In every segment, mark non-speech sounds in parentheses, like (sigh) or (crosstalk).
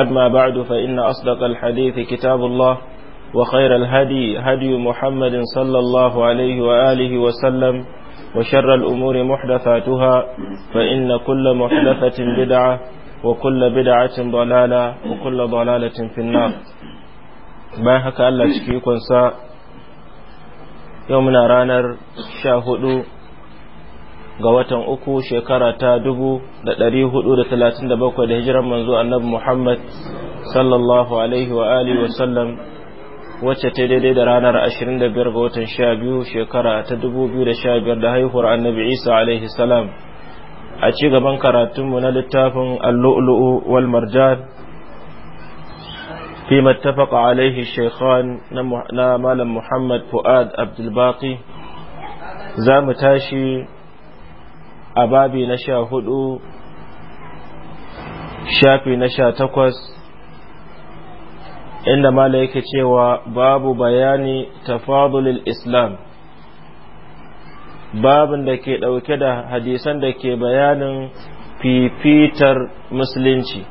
أما بعد فإن أصدق الحديث كتاب الله وخير الهدي هدي محمد صلى الله عليه وآله وسلم وشر الأمور محدثاتها فإن كل محدثة بدعة وكل بدعة ضلالة وكل ضلالة في النار باهك الله تشكيكم سا يومنا رانر شاهدوا ga watan uku shekara ta dubu da ɗari hudu da talatin da bakwai da hijiran manzo annabi Muhammad sallallahu alaihi wa alihi wasallam wacce ta daidai da ranar ashirin da biyar ga watan sha biyu shekara ta dubu biyu da sha biyar da haihuwar annabi Isa alaihi salam a ci gaban karatunmu na littafin allu'lu'u wal marjan fi mattafaqa alaihi shaykhan na malam Muhammad Fuad Abdul za mu tashi a babi na sha hudu shafi na sha takwas inda mala yake cewa babu bayani tafadulil islam babin da ke ɗauke da hadisan da ke bayanin fifitar musulunci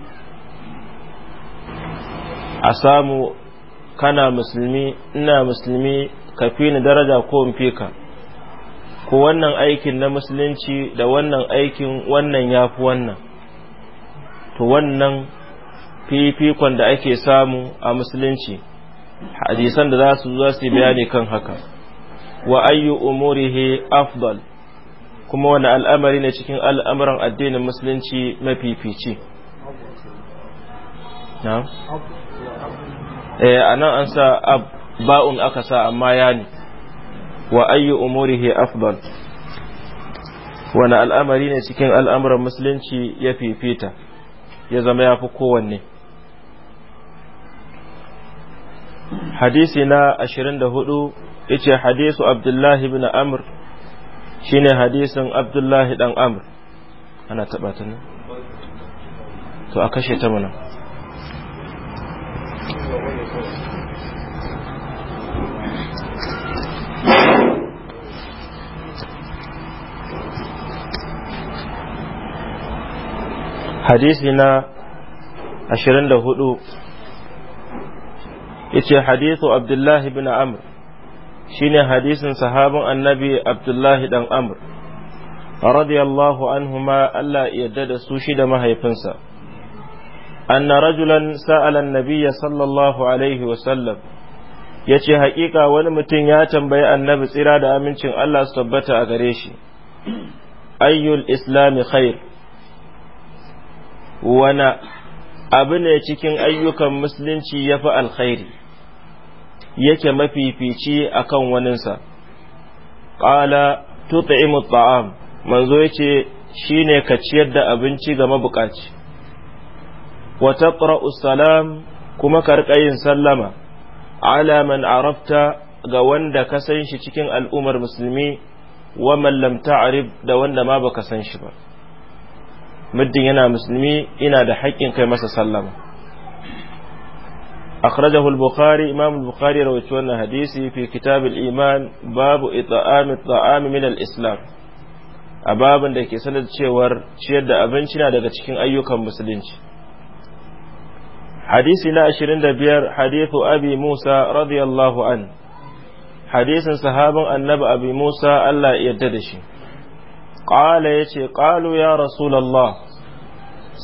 a samu kana musulmi ina musulmi ka fi ni daraja ko in fi ka ko wannan aikin na musulunci da wannan aikin wannan ya fi wannan to wannan fifikon da ake samu a musulunci hadisan da za su zuwa su bayani kan haka wa ayyu umurihi afdal kuma wani al'amari ne cikin al'amuran addinin musulunci mafifici na? eh anan an sa ba'un aka sa amma ya ne wa ayyu umurihi afdal wani al'amari ne cikin al'amuran musulunci ya fifita ya zama ya fi kowanne hadisi na 24 yace hadisu abdullahi ibn amr shine hadisin abdullahi dan amr ana taba ta ne to a kashe ta mana hadisi na hudu yace hadisu abdullahi bin amr shine hadisin sahabin annabi abdullahi dan amr radiyallahu anhuma Allah yadda da su shi da mahaifinsa anna rajulan sa'ala annabiyya sallallahu alaihi wa sallam yace hakika wani mutum ya tambayi annabi tsira da amincin Allah su tabbata a gare shi ayyul islami khair wani abu ne cikin ayyukan musulunci ya fi alkhairi yake mafifici a kan waninsa ƙala tut'imu ta'am manzo ya ce shi ne ka ciyar da abinci ga mabukaci Wata salam kuma ka yin sallama ala man arafta ga wanda ka san shi cikin al'ummar musulmi wa man lam da wanda ma baka san shi ba muddin yana musulmi ina da haƙƙin kai masa sallama akhrajahu al-bukhari imam al-bukhari rawaito wannan hadisi fi kitab iman babu it'am at-ta'am islam a babin da ke sanar cewar ciyar da abinci na daga cikin ayyukan musulunci hadisi na 25 hadithu abi musa radiyallahu an hadisin sahabin annabi abi musa Allah ya yarda da shi ƙala ya ce ƙalu ya rasulallah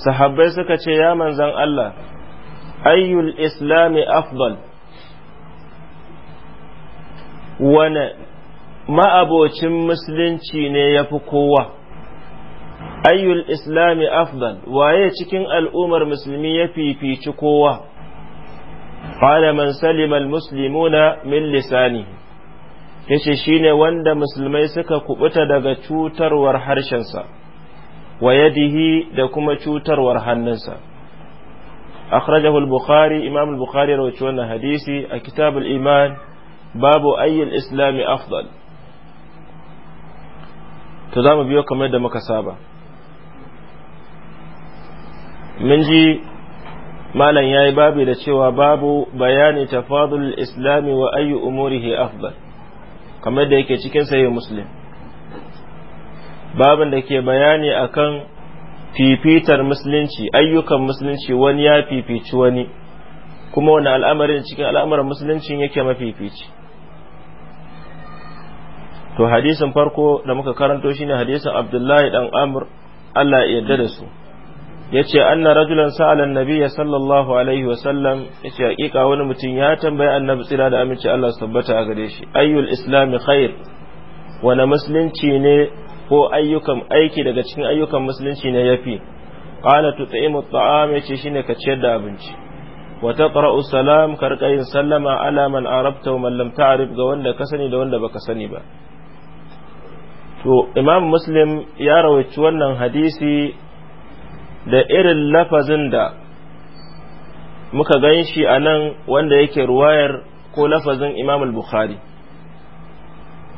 sahabbai suka ce ya manzan Allah ayyul islami afdal wane ma'abocin musulunci ne ya fi kowa ayyul islami afdal waye cikin al'ummar musulmi ya fifici kowa ƙala man salima al-muslimuna min lisanihi yace shine wanda musulmai suka kubuta daga cutarwar harshensa wa yadihi da kuma cutarwar hannunsa akhrajahu al-bukhari imam al-bukhari ya wannan hadisi a kitab al-iman babu ayyul islami afdal to za mu biyo kamar da muka saba mun ji malam yayi babu da cewa babu bayani tafadul islami wa ayyu umurihi afdal kamar da yake cikin sahih muslim babin da ke bayani akan fifitar musulunci ayyukan musulunci wani ya fifici wani kuma wani al'amarin cikin al'amarin musuluncin yake mafifici to hadisin farko da muka karanto shine hadisin abdullahi dan amr Allah ya yarda da su yace anna rajulan sa'ala an-nabiyya sallallahu alaihi wa sallam yace hakika wani mutum ya tambayi annabi tsira da aminci Allah su tabbata a gare shi ayyul islami khair wani musulunci ne ko ayyukan aiki daga cikin ayyukan musulunci ne yafi qala tut'imu at-ta'am yace shine ka ciyar da abinci wa taqra'u salam ka rika yin sallama ala man arabta wa man lam ta'rif ga wanda ka sani da wanda baka sani ba to imam muslim ya rawaici wannan hadisi da irin lafazin da muka gan shi a nan wanda yake ruwayar ko lafazin imam al-bukhari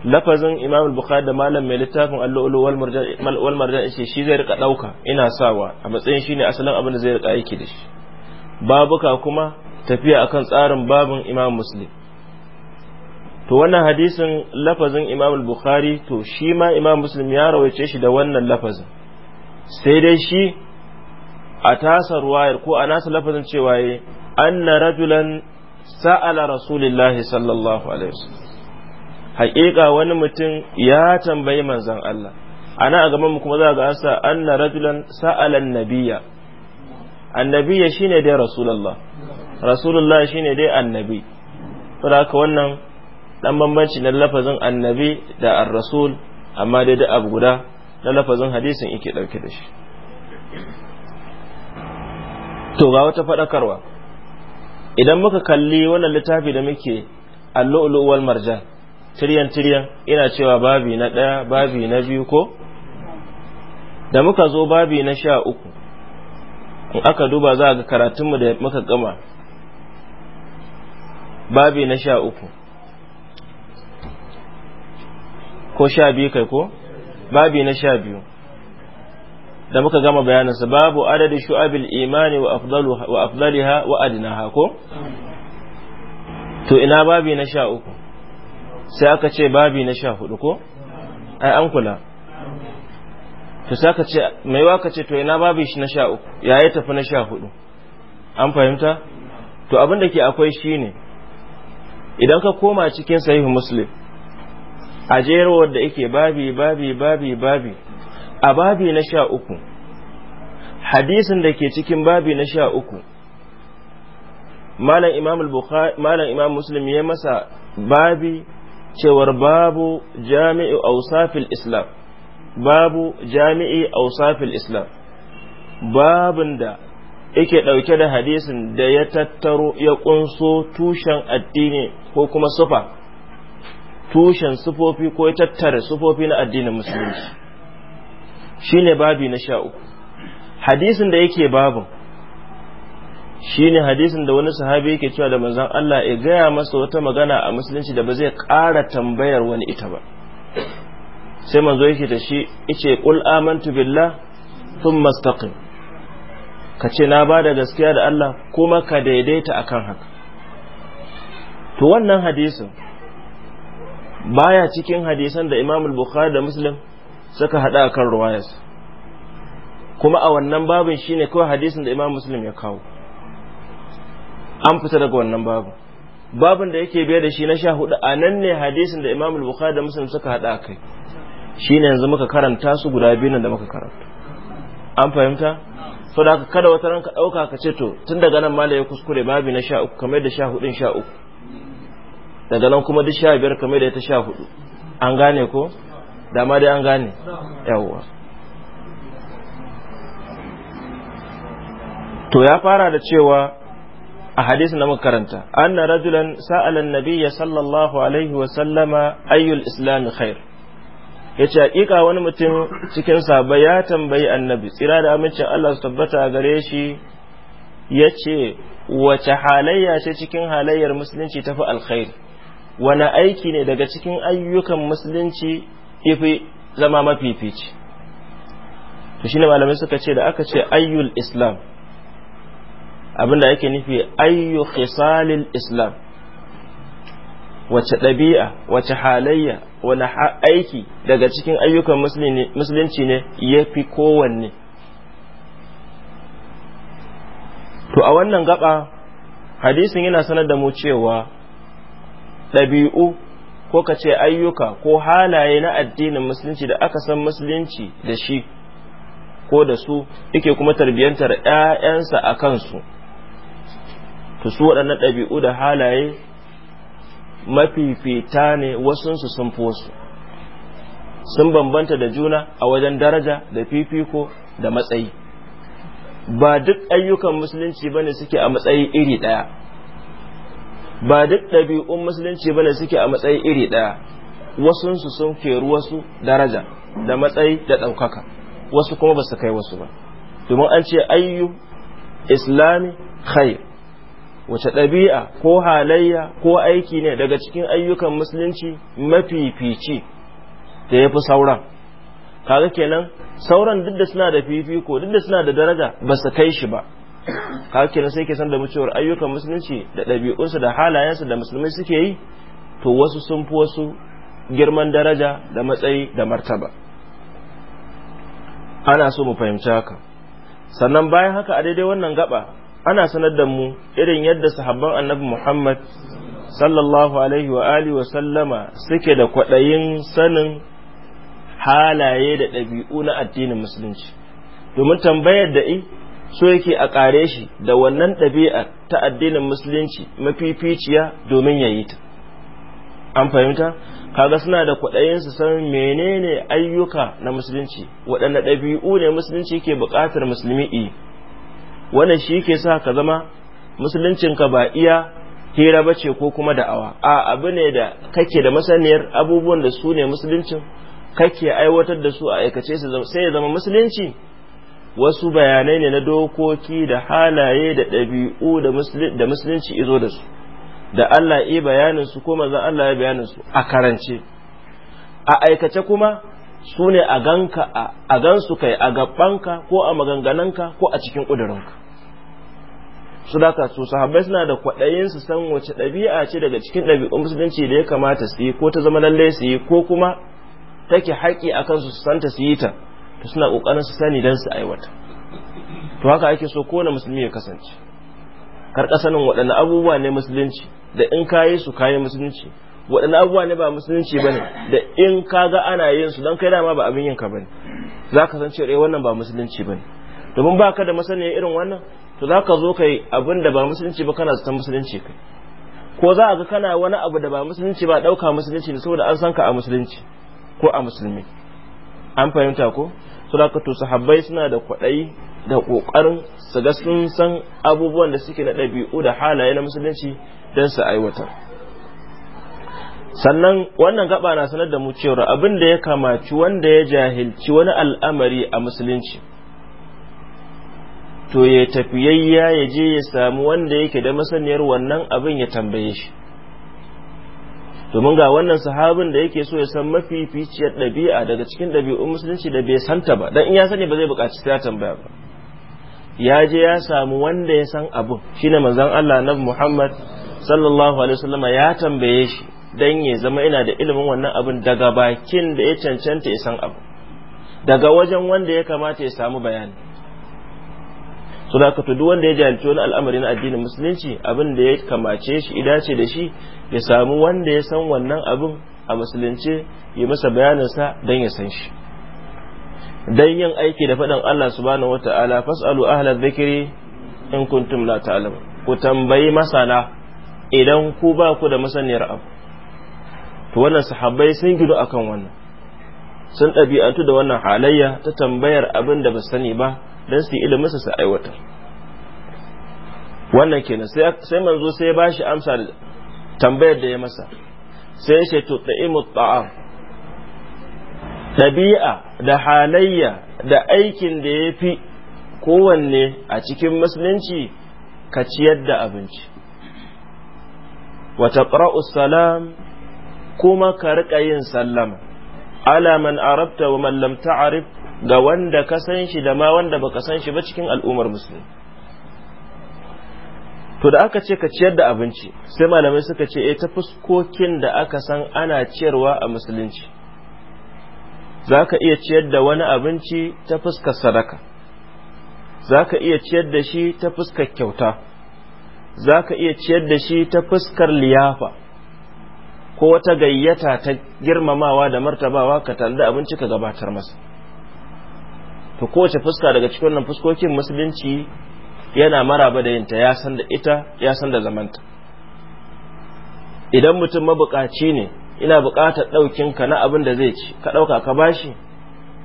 lafazin imam al-bukhari da malam mai littafin allo'ulu wal marjan ce shi zai rika ɗauka ina sawa a matsayin shine asalin abin da zai rika aiki da shi babuka kuma tafiya akan tsarin babin imam muslim to wannan hadisin lafazin imam al-bukhari to shi ma imam muslim ya rawaice shi da wannan lafazin sai dai shi a tasa ruwayar ko a nasa lafazin cewa yi anna rajulan sa'ala rasulillahi sallallahu alaihi wasallam wani mutum ya tambayi manzan Allah ana a gaban mu kuma za ga an sa anna rajulan sa'ala nabiya. annabiya shine dai rasulullah rasulullah shine dai annabi to da haka wannan dan bambanci na lafazin annabi da ar-rasul amma dai da abu guda na lafazin hadisin yake dauke da shi to ga wata faɗakarwa idan muka kalli wannan littafi da muke allu'ulu wal marjan tiryan tiryan ina cewa babi na ɗaya babi na biyu ko da muka zo babi na sha uku in aka duba za ga karatunmu da muka gama babi na sha uku ko sha biyu kai ko babi na sha biyu da muka gama bayaninsa babu adadin shu'abil imani wa afdaliha wa adnaha ko to ina babi na sha uku sai aka ce babi na sha hudu ko ai an kula to sai aka ce mai waka ce to ina babi na sha uku ya yi tafi na sha hudu an fahimta to abin da ke akwai shine idan ka koma cikin sahihu muslim a jerawar da yake babi babi babi babi a babi na sha uku hadisin da ke cikin babi na sha uku malam imam muslim ya masa babi cewar babu jami'i ausafil islam babu jami'i ausafil islam babin da yake ɗauke da hadisin da ya tattaro ya ƙunso tushen addini ko kuma sufa tushen sufofi ko ya tattara sufofi na addinin musulunci Shi ne babi na sha uku hadisin da yake babin ne hadisin da wani sahabi yake cewa da manzon Allah ya gaya masa wata magana a musulunci da ba zai ƙara tambayar wani ita ba sai manzo yake da shi kul'a qul amantu billah thumma ka ce na bada gaskiya da Allah kuma ka daidaita a kan haka to wannan hadisin baya cikin hadisan da imamul Bukhari da Muslim suka hada a kan ruwayas kuma a wannan babin shine kawai hadisin da Imam Muslim ya kawo an fita daga wannan babin babin da yake biya da shi na sha hudu a nan ne hadisin da Imam Bukhari da Muslim suka hada a kai ne yanzu muka karanta su guda biyu nan da muka karanta an fahimta so da haka kada wata ranka dauka ka ce to tun daga nan malai ya kuskure babi na sha uku kamar da sha hudun sha uku daga nan kuma duk sha biyar kamar da ta sha hudu an gane ko dama dai an gane yawwa to ya fara da cewa a hadisi na makaranta anna rajulan sa'ala an-nabiyya sallallahu alaihi wa sallama ayyul islam khair yace hakika wani mutum cikin sahabbai ya tambayi annabi tsira da amincin Allah su tabbata gare shi yace wace halayya ce cikin halayyar musulunci tafi alkhair wani aiki ne daga cikin ayyukan musulunci yafi zama mafifici to shine malamai suka ce da aka ce ayyul islam abinda ake nufi ayyu khisalil islam wace ɗabi'a wace halayya wani aiki daga cikin ayyukan musulunci ne ya fi kowanne to a wannan gaba hadisin yana sanar da mu cewa ɗabi'u ko ka ce ayyuka ko halaye na addinin musulunci da aka san musulunci da shi ko da su yake kuma tarbiyantar 'ya'yansa a kansu to su waɗannan ɗabi'u da halaye mafifita ne wasunsu sun fosu sun bambanta da juna a wajen daraja da fifiko da matsayi ba duk ayyukan musulunci bane suke a matsayi iri ɗaya ba duk ɗabi'un musulunci bane suke a matsayi iri ɗaya su sun keru wasu daraja da matsayi da ɗaukaka wasu kuma ba su kai wasu ba domin an ce ayyu islami khair wace ɗabi'a ko halayya ko aiki ne daga cikin ayyukan musulunci mafifici da ya fi sauran kaga kenan sauran duk da suna da fifiko duk da suna da daraja ba su kai shi ba ka sai ke san da mucewar ayyukan musulunci da ɗabi'unsu da halayensu da musulmai suke yi to wasu sun fi wasu girman daraja da matsayi da martaba ana so mu fahimci haka sannan bayan haka a daidai wannan gaba ana sanar da mu irin yadda sahabban annabi muhammad sallallahu alaihi wa alihi wa sallama suke da kwaɗayin sanin halaye da ɗabi'u na addinin musulunci domin tambayar da i so yake a ƙare shi da wannan ɗabi'a ta addinin musulunci mafificiya domin ya yi ta an fahimta kaga suna da kwaɗayin su san menene ayyuka na musulunci waɗanne ɗabi'u ne musulunci ke buƙatar musulmi yi wannan shi ke sa ka zama musuluncinka ba iya hira ba ce ko kuma da'awa a abu ne da kake da masaniyar abubuwan da su ne musuluncin kake aiwatar da su a aikace sai ya zama musulunci wasu bayanai ne na dokoki da halaye da ɗabi'u da musulunci izo da su da Allah yi bayanin su kuma za Allah ya bayanin su a karance a aikace kuma su ne a ganka a gansu kai a gabanka ko a magangananka ko a cikin ƙudurinka su da su sahabbai suna da kwaɗayin su san wace ɗabi'a ce daga cikin ɗabi'un musulunci da ya kamata su yi ko ta zama lallai su yi ko kuma take haƙƙi a kansu su santa su yi ta suna kokarin su sani dan su aiwata to haka ake so kowane musulmi ya kasance kar kasanin waɗanne abubuwa ne musulunci da in ka yi su kayi musulunci waɗanne abubuwa ne ba musulunci bane da in ka ga ana yin su dan kai dama ba abin yin ka bane za ka san cewa eh, wannan ba musulunci bane domin ba ka da masaniya irin wannan to za ka zo kai abin da ba musulunci ba kana zaton musulunci kai ko za a ga kana wani abu da ba musulunci ba ɗauka musulunci ne saboda an san ka a musulunci ko a musulmi an fahimta ko sulakatu sahabbai suna da kwaɗayi da ƙoƙarin su ga sun san abubuwan da suke na ɗabi'u da halaye na musulunci don su aiwata. sannan wannan gaba na sanar da mu cewa abin da ya kamaci wanda ya jahilci wani al'amari a musulunci to ya tafiyayya ya je ya samu wanda yake da masaniyar wannan abin ya tambaye shi domin ga wannan sahabin da yake so ya san mafificiyar dabi'a daga cikin ɗabi'un musulunci da bai santa ba dan in ya sani ba zai buƙaci sai ya tambaya ba ya je ya samu wanda ya san abu shine manzon Allah na Muhammad sallallahu alaihi wasallam ya tambaye shi dan ya zama ina da ilimin wannan abun daga bakin da ya cancanta ya san abu daga wajen wanda ya kamata ya samu bayani so da to duk wanda ya jahilci wani al'amari na addinin musulunci abin da ya kamace shi idace da shi ya samu wanda ya san wannan abin a musulunce ya masa bayanin sa don ya san shi don yin aiki da faɗin Allah subhanahu wata'ala fas'alu ahla dhikri in kuntum la ta'lamu ku tambayi masana idan ku ba ku da masaniyar abu to wannan sahabbai sun gido akan wannan sun ɗabi'antu da wannan halayya ta tambayar abin da ba sani ba don su ilimin su aiwatar wannan kenan sai manzo sai ba shi amsa tambayar da ya masa sai ya ce to ta'am ɗabi'a da halayya da aikin da ya fi kowanne a cikin musulunci ka ciyar da abinci wata salam kuma ka riƙa yin sallama ala man arabta wa man lam ta'arif ga wanda ka san shi da ma wanda baka san shi ba cikin al'ummar musulmi to da aka ce ka ciyar da abinci sai malamai suka ce eh ta fuskokin da aka san ana ciyarwa a musulunci zaka iya ciyar da wani abinci ta fuskar sadaka zaka iya ciyar da shi ta fuskar kyauta zaka iya ciyar da shi ta fuskar liyafa ko wata gayyata ta girmamawa da martabawa ka tanda abinci ka gabatar masa to kowace fuska daga cikin wannan fuskokin musulunci yana maraba da yinta ya san da ita ya san da zamanta idan mutum mabukaci ne ina bukatar ɗaukin ka na abin da zai ci ka ɗauka ka bashi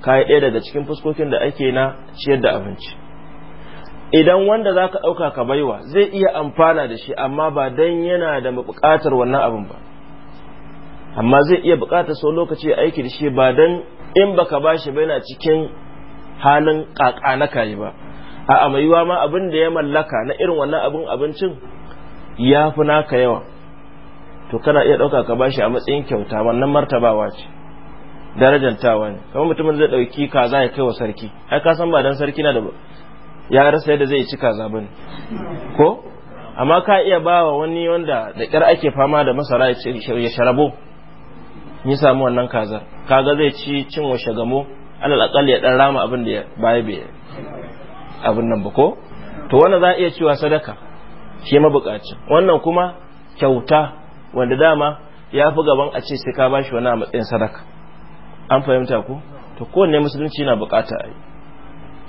ka yi ɗaya daga cikin fuskokin da ake na ciyar da abinci idan wanda za ka ɗauka ka baiwa zai iya amfana da shi amma ba dan yana da bukatar wannan abin ba amma zai iya bukatar so lokaci aiki da shi ba dan in baka ba yana cikin halin kaka na kayi ba a amaiwa ma abin da ya mallaka na irin wannan abin abincin ya fi naka yawa to kana iya ɗauka ka bashi a matsayin kyauta wannan martabawa ce darajantawa ne kamar mutumin zai ɗauki kaza ya kai wa sarki ai ka san ba dan sarki na da ya rasa yadda zai ci kaza ba ne ko amma ka iya ba wa wani wanda da ƙyar ake fama da masara ya sharabo ya samu wannan kaza kaga zai ci cin washe gamo alal akal ya dan rama abin da baya bai abin nan ba ko to wannan za a iya cewa sadaka shi mabukaci wannan kuma kyauta wanda dama ya fi gaban a ce sai ka bashi wani a matsayin sadaka an fahimta ku? to kowanne musulunci na bukata a yi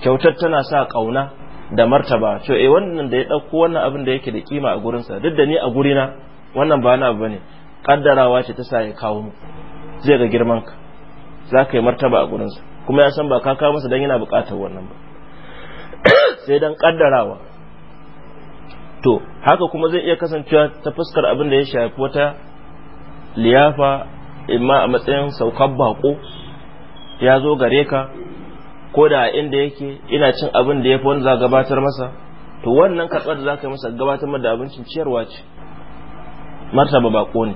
kyautar tana sa kauna da martaba to eh wannan da ya dauko wannan abin da yake da kima a gurinsa duk da ni a gurina wannan ba na abu kaddarawa ce ta sa ya kawo mu zai ga girman ka za ka yi martaba a gurinsa kuma ya san ba ka kawo masa dan yana bukatar wannan ba (coughs) sai dan kaddarawa to haka kuma zai iya kasancewa ta fuskar abin da ya shafi wata liyafa imma a matsayin saukar bako ya zo gare ka ko da inda yake ina cin abin da ya fi wanda za gabatar masa to wannan karɓar da za ka yi masa gabatar da abincin ciyarwa ce martaba bako ne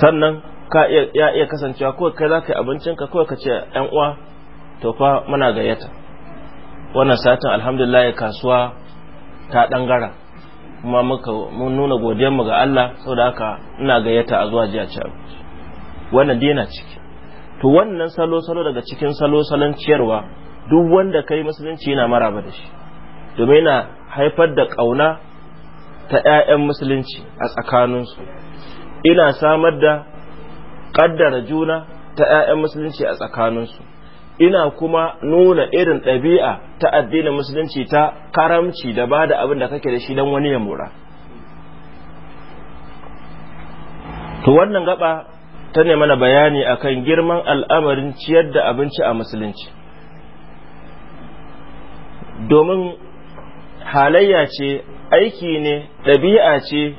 sannan ka iya iya kasancewa kawai kai za ka yi abincinka kawai ka ce ‘yan uwa to fa muna gayyata wannan satin alhamdulillah kasuwa ta ɗangara kuma muka mun nuna godiyarmu ga Allah saboda haka ina gayyata a zuwa jiya ci wannan dina ciki to wannan salo salo daga cikin salo salon ciyarwa duk wanda kai musulunci yana maraba da shi domin yana haifar da kauna ta 'ya'yan musulunci a tsakaninsu ina samar da Kaddara juna ta 'ya'yan musulunci a tsakaninsu ina kuma nuna irin ɗabi'a ta addinin musulunci ta karamci da ba da abin da kake da shi don wani ya mura to wannan gaba ta ne mana bayani akan girman al'amarin ciyar da abinci a musulunci domin halayya ce aiki ne ɗabi'a ce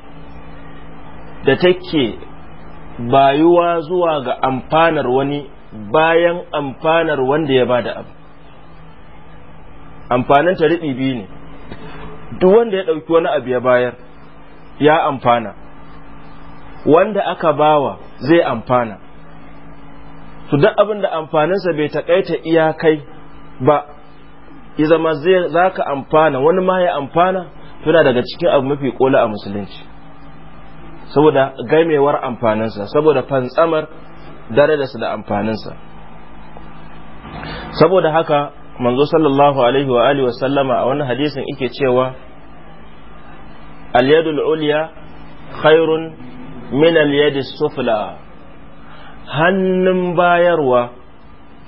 da take bayuwa zuwa ga amfanar wani bayan amfanar wanda ya bada abu amfanin ta riɓi biyu ne duk wanda ya ɗauki wani abu ya bayar ya amfana wanda aka bawa zai amfana su duk abin da amfaninsa bai takaita kai ba ya zama za amfana wani ma ya amfana tuna daga cikin abu mafi kola a musulunci saboda gaimewar amfaninsa saboda fantsamar darajarsa da amfaninsa saboda haka manzo sallallahu alaihi wa alihi sallama a wani hadisin yake cewa al-yadul ulya khairun min al-yadis sufla hannun bayarwa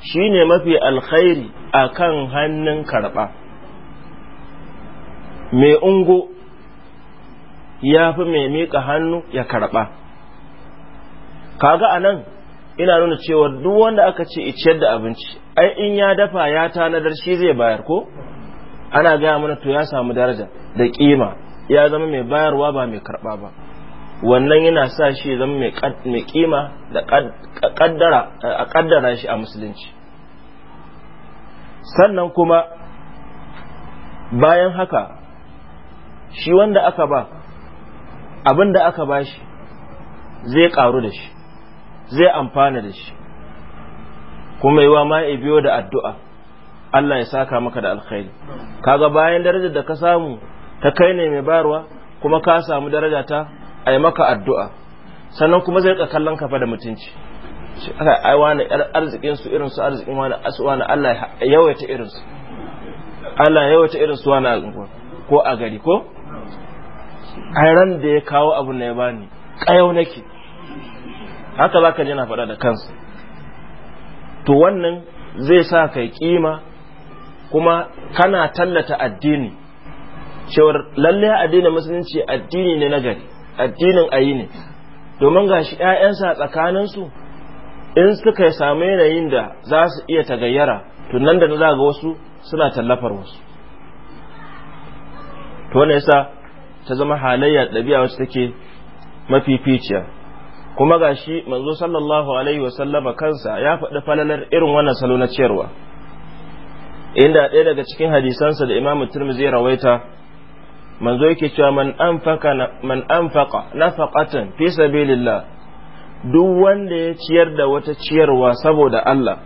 shine mafi alkhairi akan hannun karba mai ungo ya fi mai miƙa hannu ya karɓa kaga a nan ina nuna cewa duk wanda aka ce iciyar da abinci ai in ya dafa ya tanadar shi zai bayar ko ana gaya mana to ya samu daraja da kima ya zama mai bayarwa ba mai karɓa ba wannan yana sa shi zama mai kima da a kaddara shi a musulunci sannan kuma bayan haka shi wanda aka ba abin da aka ba shi zai karu da shi zai amfana da shi kuma yiwa ma ya biyo da addu'a Allah ya saka maka da alkhairi kaga bayan darajar da ka samu ta kai ne mai bayarwa kuma ka samu daraja ta a yi maka addu'a sannan kuma zai ka kallon kafa da mutunci aka ai wani arzikin su irin su arzikin wani asu wani Allah yawaita irin su Allah yawaita irin su wani al'umma ko a gari ko a ran da ya kawo abu na ya bani ƙayau nake haka za ka jina faɗa da kansa to wannan zai sa kai kima kuma kana tallata addini cewar lalle addinin musulunci addini ne na gari addinin ayi ne domin gashi tsakanin tsakaninsu in suka samu yanayin da za su iya tagayyara to nan da na ga wasu suna tallafar wasu to ne yasa ta zama halayya ɗabi'a wacce take mafificiya kuma ga shi manzo sallallahu alaihi wasallama kansa ya faɗi falalar irin wannan salo na ciyarwa inda ɗaya daga cikin hadisansa da imamu turmizi rawaita manzo yake cewa man an faka na nafaqatan fi sabilillah duk wanda ya ciyar da wata ciyarwa saboda Allah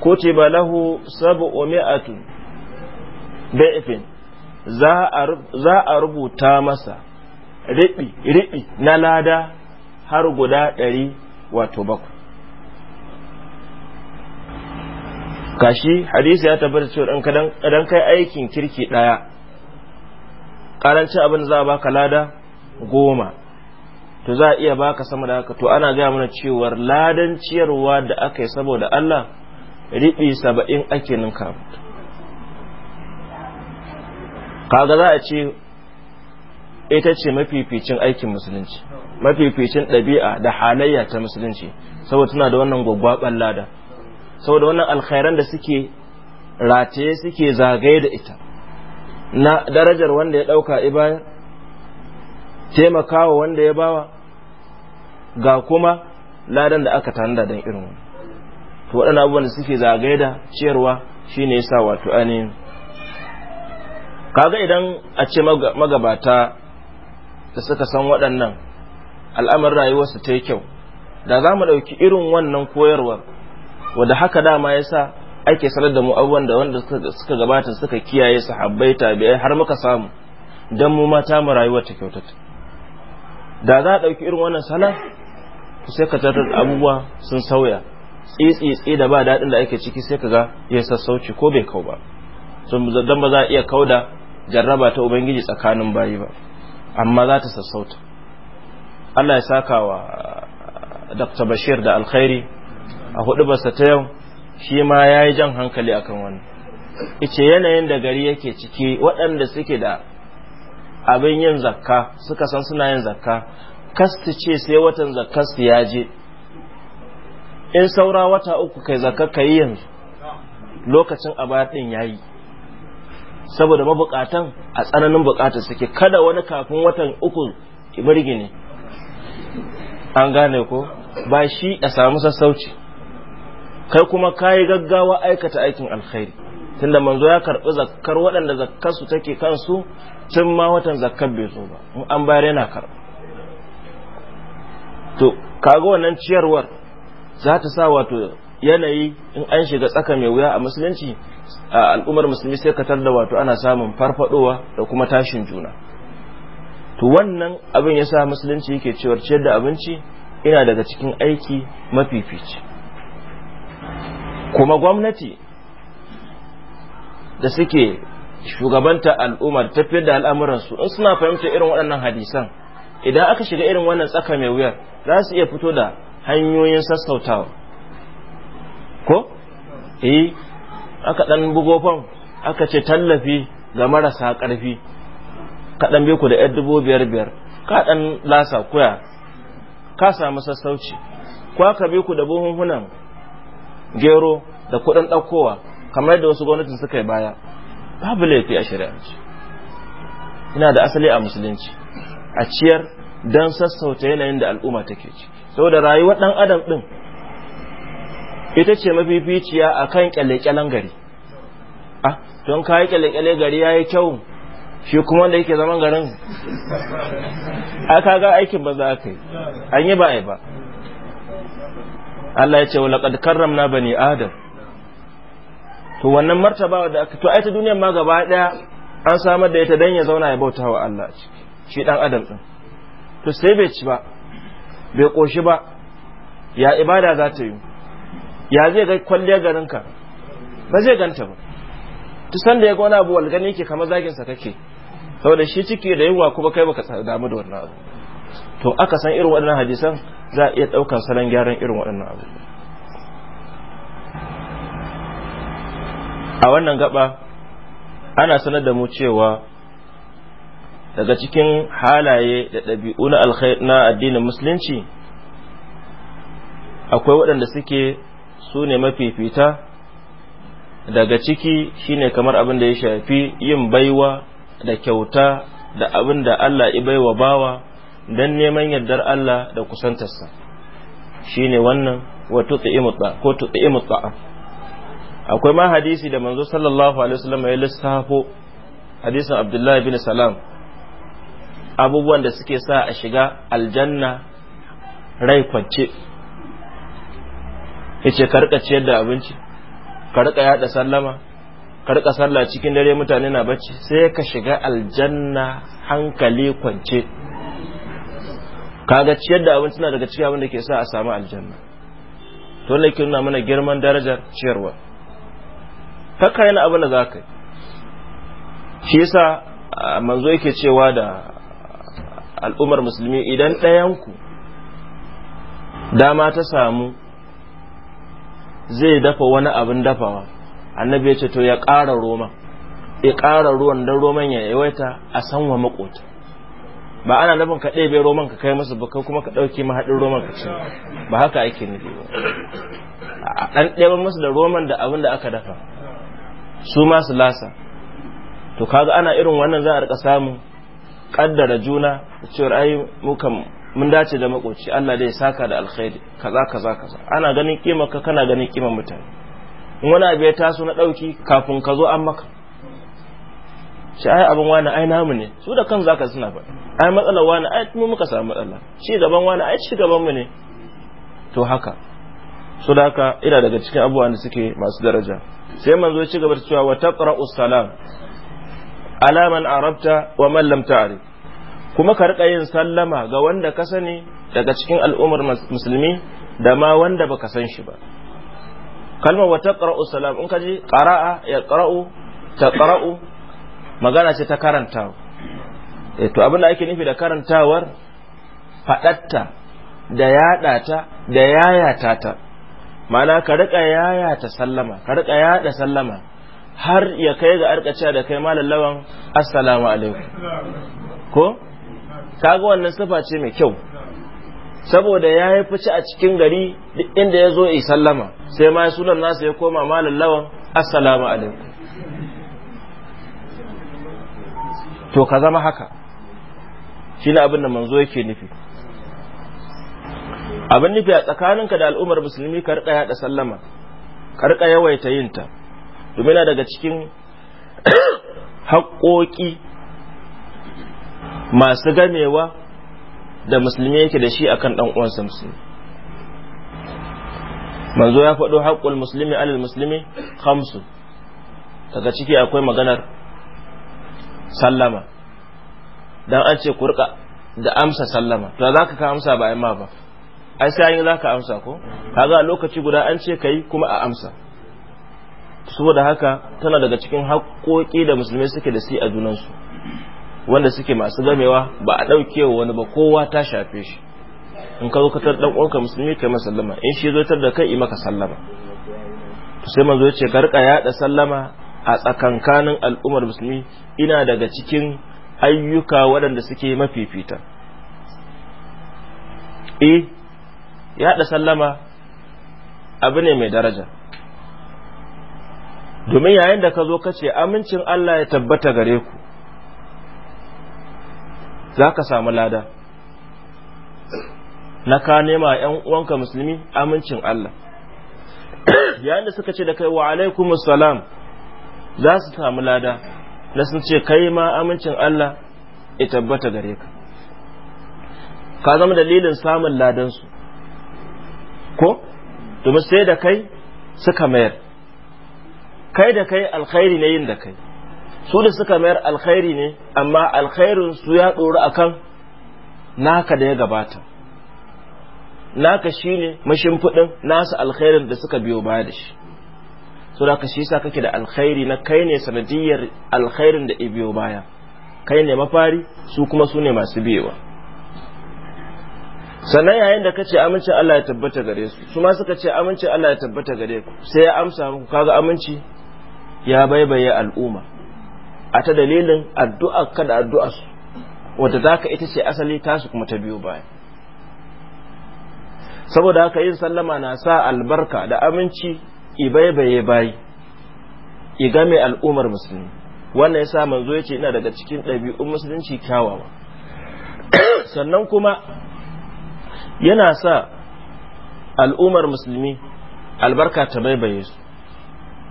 kutiba lahu sab'u mi'atun da'ifin za a rubuta masa riɓi na lada har guda ɗari wato bakwai kashi hadisi ya tabbata cewa kadan kai aikin kirki ɗaya ƙarancin abin za a baka lada goma to za a iya baka sama da haka to ana gaya mana cewar ladan ciyarwa da aka yi saboda Allah riɓi saba'in ake ninka mutu kaga za a ce ita ce mafificin aikin musulunci mafificin ɗabi'a da halayya ta musulunci saboda tana da wannan ban lada saboda wannan alkhairan da suke rataye suke zagaye da ita na darajar wanda ya ɗauka ibaya taimakawa wanda ya bawa ga kuma ladan da aka tanada don irin wani to abubuwan da suke zagaye da ciyarwa shine yasa wato ainihin kaga idan a ce magabata da suka san waɗannan al'amar rayuwarsu ta yi kyau da za mu ɗauki irin wannan koyarwar wadda haka dama ya sa ake sanar da mu abubuwan da wanda suka gabata suka kiyaye su sahabbai tabi'ai har muka samu don mu mata mu rayuwar ta kyautata da za a ɗauki irin wannan ku sai ka tattar abubuwa sun sauya tsitsitsi da ba daɗin da ake ciki sai ka ga ya sassauci ko bai kau ba don ba za a iya kauda jarraba ta ubangiji tsakanin bayi ba amma za ta sassauta Allah ya saka wa uh, Dr. Bashir da alkhairi a hudu basa ta yau shi ma ya yi jan hankali akan wani ice yanayin da gari yake ciki waɗanda suke da abin yin zakka suka san suna yin zakka kasta ce sai watan zakkarsu ya je in saura wata uku kai zakka ka yi yanzu lokacin aba ɗin ya yi saboda mabukatan a tsananin bukatar suke kada wani kafin watan uku ne. an gane ko ba shi a samu sassauci kai kuma kayi gaggawa aikata aikin alkhairi tunda manzo ya karbi zakkar waɗanda zakkar su take kansu tun ma watan zakkar bai zo ba in an bayar yana karɓa to kaga wannan ciyarwar za ta sa wato yanayi in an shiga tsaka mai wuya a musulunci A al'ummar musulmi sai ka tarda wato ana samun farfadowa da kuma tashin juna to wannan abin ya sa musulunci yake cewar ciyar da abinci ina daga cikin aiki mafifici kuma gwamnati da suke shugabanta al'ummar tafiyar da al'amuransu in suna fahimta irin waɗannan hadisan idan aka shiga irin wannan tsaka mai wuyar za su iya fito da hanyoyin sassautawa ko eh aka ɗan bugo fam aka ce tallafi ga marasa karfi Kaɗan dan ku da yar dubu biyar biyar ka dan lasa kuya ka samu sassauci ko aka bi ku da buhunhunan gero da kuɗin ɗaukowa kamar da wasu gwamnatin suka yi baya babu laifi a shari'anci ina da asali a musulunci a ciyar don sassauta yanayin da al'umma take ci saboda rayuwar ɗan adam ɗin ita ce mafificiya a kan kyale-kyalen gari a ah, don kayi kyale-kyale gari ya yi kyau shi kuma da yake zaman garin aka ga aikin ba za ka yi an yi ba a yi ba Allah ya ce wala kad karramna bani adam to wannan martaba da aka to ai ta duniyar ma gaba daya an samar da ita dan ya zauna ya bauta wa Allah ciki shi dan adam din to sai bai ci ba bai koshi ba ya ibada za ta yi ya zai ga garin ka ba zai ganta ba san sanda ya ga wani abu walgani yake kamar zagin sa kake saboda shi ciki da yunwa kuma kai baka damu da wannan abu to aka san irin waɗannan hadisan za a iya ɗaukar salon gyaran irin waɗannan abu a wannan gaba ana sanar da mu cewa daga cikin halaye da ɗabi'u na addinin musulunci akwai waɗanda suke su ne mafifita daga ciki shine kamar abin da ya shafi yin baiwa da kyauta da abin da Allah ya baiwa bawa don neman yardar Allah da kusantarsa shine wannan wa tut'imutsa ko akwai ma hadisi da manzo sallallahu alaihi wasallam ya lissafo hadisin Abdullah bin Salam abubuwan da suke sa a shiga aljanna rai kwance yace ka rika ciyar da abinci ka rika yada sallama ka rika sallah cikin dare mutane na bacci sai ka shiga aljanna hankali kwance kaga ciyar da abinci na daga cikin abin da ke sa a samu aljanna to ne kin nuna mana girman darajar ciyarwa kaka yana abin da za yi shi yasa manzo yake cewa da al'ummar musulmi idan ɗayan ku dama ta samu zai dafa wani abin dafawa annabi ya ce to ya ƙara roma ya ƙara ruwan don roman ya yawaita a sanwa makota ba ana nufin ka ɗebe roman ka kai masa baka kuma ka ɗauki mahaɗin roman ka ba haka ake nufi ba a ɗan ɗebe masu da roman da abin da aka dafa su masu lasa to kaga ana irin wannan za a rika samun ƙaddara juna da cewar ai mukan mun dace da makoci Allah zai saka da alkhairi kaza kaza kaza ana ganin kima ka kana ganin kima mutane in wani abu ya taso na dauki kafin ka zo an maka shi ai abin wani ai namu ne su da kan zaka suna faɗi ai matsalar wani ai mu muka samu matsala shi gaban wani ai shi gaban mu ne to haka su da haka ina daga cikin abubuwan da suke masu daraja sai manzo ci gaba da cewa wa taqra'u salam ala man arabta wa man lam ta'rif kuma ka riƙa yin sallama ga wanda ka sani daga cikin al'ummar musulmi da ma wanda baka san shi ba kalmar wata taqra'u salam in ka ji ƙara'a ya ƙara'u ta magana ce ta karantawa eh, to abin da ake nufi da karantawar faɗatta da yaɗa ta da yayata ta ma'ana ka riƙa yayata sallama ka riƙa yaɗa sallama har ya kai ga arkaciya da kai malallawan assalamu alaikum ko kaga wannan sifa ce mai kyau saboda ya yi fice a cikin gari duk inda ya zo yi sallama sai ma sunan nasa ya koma malam lawan assalamu alaikum to ka zama haka shi ne abin da manzo yake nufi abin nufi a tsakaninka da al'ummar musulmi ka rika yada sallama ka rika yawaita yinta domin daga cikin (coughs) haƙoƙi masu gamewa da musulmi yake da shi akan dan uwansa musulmi manzo ya faɗo haƙƙul musulmi alal musulmi khamsu daga ciki akwai maganar sallama dan an ce kurka da amsa sallama to za ka amsa ba ma ba ai sai an za ka amsa ko kaga a lokaci guda an ce kai kuma a amsa saboda haka tana daga cikin haƙƙoƙi da musulmi suke da su a junansu wanda suke masu gamewa ba a ɗauke wa wani ba kowa ta shafe shi in ka zo ka tar dan uwanka musulmi kai masa sallama in shi zo tar da kai maka sallama to sai manzo ya ce garka yaɗa sallama a tsakankanin al'ummar musulmi ina daga cikin ayyuka waɗanda suke mafifita eh yaɗa sallama abu ne mai daraja domin yayin da ka zo ka ce amincin Allah ya tabbata gare ku za ka samu lada na ka nema ‘yan uwanka musulmi amincin Allah (clears throat) yayin da suka ce da kai wa alaikumus za su samu lada na sun ce kai ma amincin Allah ya tabbata gare ka ka zama dalilin samun ladansu ko domin sai da kai suka mayar kai da kai alkhairi ne yin da kai su da suka mayar alkhairi ne amma alkhairin su ya ɗoru akan naka da ya gabata naka shine mashimfiɗin nasu alkhairin da suka biyo baya da shi so da shi yasa kake da alkhairi na kai ne sanadiyar alkhairin da ibiyo baya kai ne mafari su kuma su ne masu biyewa sannan yayin da kace amincin Allah ya tabbata gare su su ma suka ce amincin Allah ya tabbata gare ku sai ya amsa muku kaga aminci ya baibaye al'umma a ta dalilin addu'a ka da addu'a su wadda za ka ita ce asali tasu kuma ta biyu baya saboda haka yin sallama na sa albarka da aminci ibaibaye bayi iga mai al'ummar musulmi wannan ya sa manzo ya ce ina daga cikin ɗabi'un musulunci kyawawa (coughs) sannan kuma yana sa al'ummar musulmi albarka ta baibaye su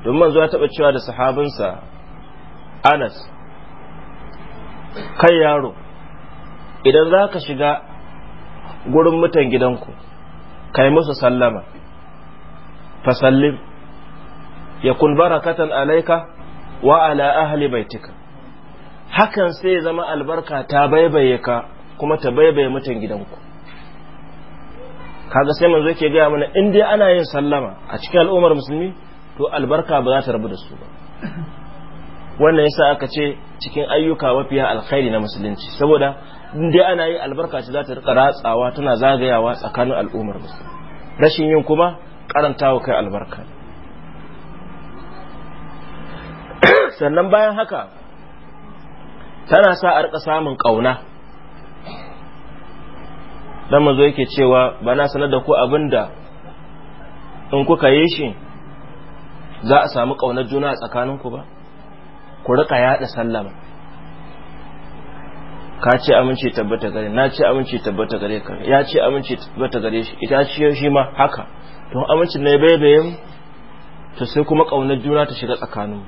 domin manzo ya taɓa cewa da sahabinsa anas kai yaro idan za ka shiga gurin mutan gidanku ka yi musu sallama fasallim ya kun barakatan alaika wa ala ahli baitika hakan sai ya zama albarka ta baibaye ka kuma ta baibaye mutan gidanku kaga sai manzo yake gaya mana in dai ana yin sallama a cikin al'ummar musulmi to albarka ba za ta rabu da su ba wannan yasa aka ce cikin ayyuka mafiya alkhairi na musulunci saboda dai ana yi albarka ce za ta rika ratsawa tana zagayawa tsakanin al'ummar rashin yin kuma karantawa kai albarka sannan bayan haka tana sa a rika samun kauna dan mazo yake cewa ba na sanar da ku da in kuka yi shi za a samu ƙaunar juna a tsakaninku ba ku rika yada sallama ka ce aminci tabbata gare na ce aminci tabbata gare ka ya ce aminci tabbata gare shi ita ce shi ma haka don amincin ne bai bayan to sai kuma kaunar juna ta shiga tsakanin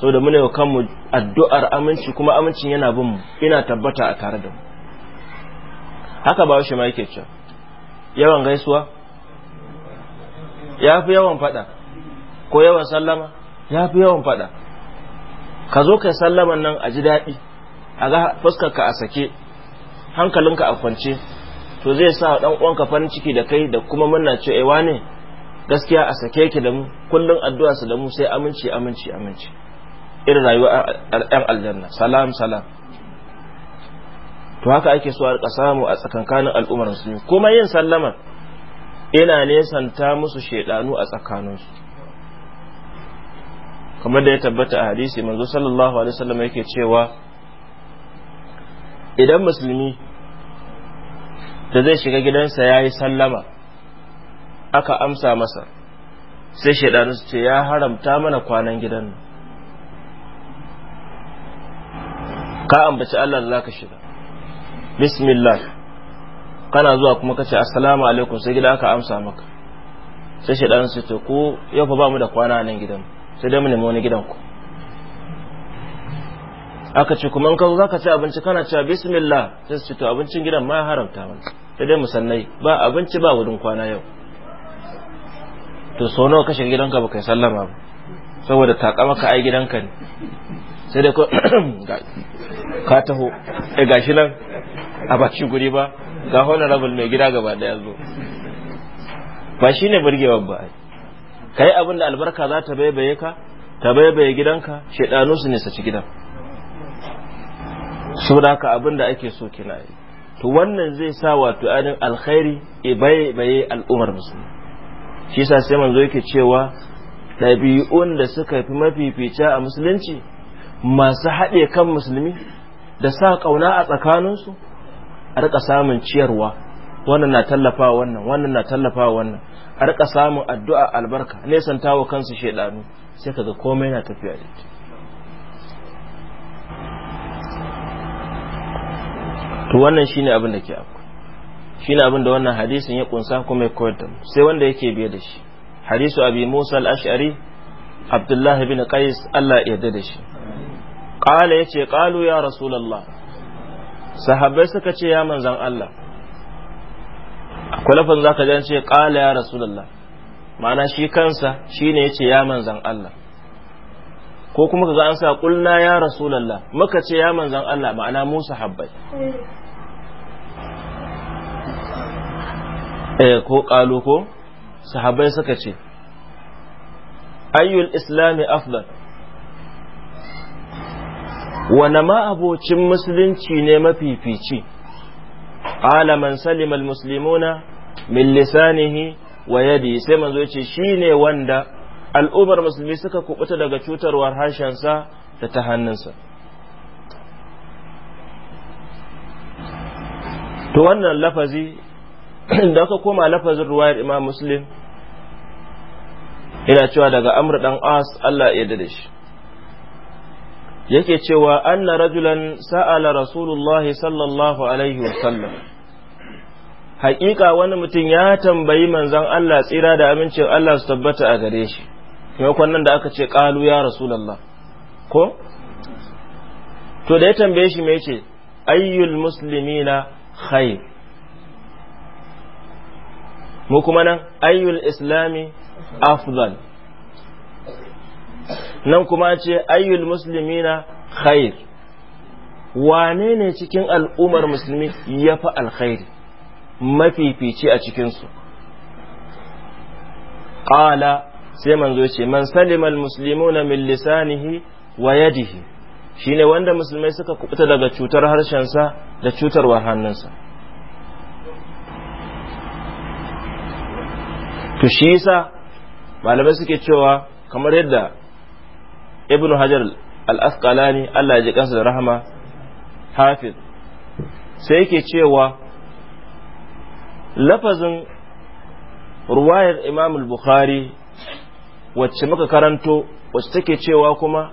sau da muna yau kanmu addu'ar aminci kuma amincin yana bin mu ina tabbata a tare da mu haka ba shi ma yake cewa yawan gaisuwa ya fi yawan fada ko yawan sallama ya fi yawan fada ka zo kai sallaman nan a ji daɗi a ga fuskarka a sake hankalinka a kwance to zai sa dan uwan ka farin ciki da kai da kuma muna ce ai eh, wane gaskiya a sake ki da mu kullun addu'a su da mu sai aminci aminci aminci irin rayuwa ɗan aljanna salam salam to haka ake so a rika samu a tsakankanin al'ummar musulmi kuma yin sallama ina nesanta musu shaidanu a tsakaninsu kamar da ya tabbata a hadisi manzo sallallahu alaihi wasallam yake cewa idan musulmi da zai shiga gidansa ya yi sallama aka amsa masa sai shaidanu su ce ya haramta mana kwanan gidan nan ka ambaci Allah da zaka shiga bismillah kana zuwa kuma kace assalamu alaikum sai gida aka amsa maka sai shaidanu su ce ko yau fa ba mu da kwana nan gidan mu sai dai mu nemi wani gidanku aka ce kuma in ka za ka ci abinci kana cewa bismillah sai su to abincin gidan ma haramta mana sai dai musannai ba abinci ba wurin kwana yau to so nawa kashe gidanka baka sallama ba saboda taƙa ka ai gidanka ne sai dai (coughs) ka taho eh gashi nan a baki guri ba ga honorable mai gida gaba daya zo ba shine burgewar ba ai kai abin da albarka za ta baibaye ka ta baibaye gidanka shaidanu su ne saci gidan da haka abin da ake so kina yi to wannan zai sa wato adin alkhairi e baibaye al'ummar musulmi shi yasa sai manzo yake cewa ɗabi'un da suka fi mafifica a musulunci masu haɗe kan musulmi da sa ƙauna a tsakaninsu a rika samun ciyarwa wannan na tallafa wannan wannan na tallafa wannan a rika samun addu'a albarka nesan tawo kansu shedanu sai kaga komai na tafiya daidai to wannan shine abin da ke abu. shine abin da wannan hadisin ya kunsa kuma ya koyar da mu sai wanda yake biye da shi hadisu abi musa al-ash'ari abdullahi bin qais Allah ya yarda da shi qala yace qalu ya rasulullah sahabbai suka ce ya manzon Allah akwai lafazin zaka ji an ce qala ya rasulullah ma'ana shi kansa shine yace ya manzan Allah ko kuma kaga an sa qulna ya rasulullah muka ce ya manzan Allah ma'ana mu sahabbai eh ko qalu ko sahabbai suka ce ayyul islami afdal wane ma abocin musulunci ne mafifici qala salimal salima almuslimuna min lisanihi wa yadi sai manzo yace ne wanda al'ummar musulmi suka kubuta daga cutarwar harshensa da ta hannunsa to wannan lafazi (clears throat) da aka koma lafazin ruwayar imam muslim ina cewa daga amr dan as Allah ya yarda da shi yake cewa anna rajulan sa'ala rasulullahi sallallahu alaihi wasallam haƙiƙa wani mutum ya tambayi manzon Allah tsira da amincin Allah su tabbata a gare shi maimakon nan da aka ce ƙalu ya rasulullah ko to da ya tambaye shi mai ce ayyul muslimina khair mu kuma nan ayyul islami afdal nan kuma ce ayyul muslimina khair wane ne cikin al'ummar musulmi ya fi alkhairi mafifici a cikinsu ƙala sai manzo ce man salimal muslimuna na millisanihi wa yadihi ne wanda musulmai suka kubuta daga cutar harshensa da cutarwar hannunsa tushisa malamai suke cewa kamar yadda ibnu hajar al-asqalani Allah ya ji kansa da rahama hafiz sai yake cewa lafazin ruwayar imam al-bukhari wacce muka karanto wacce take cewa kuma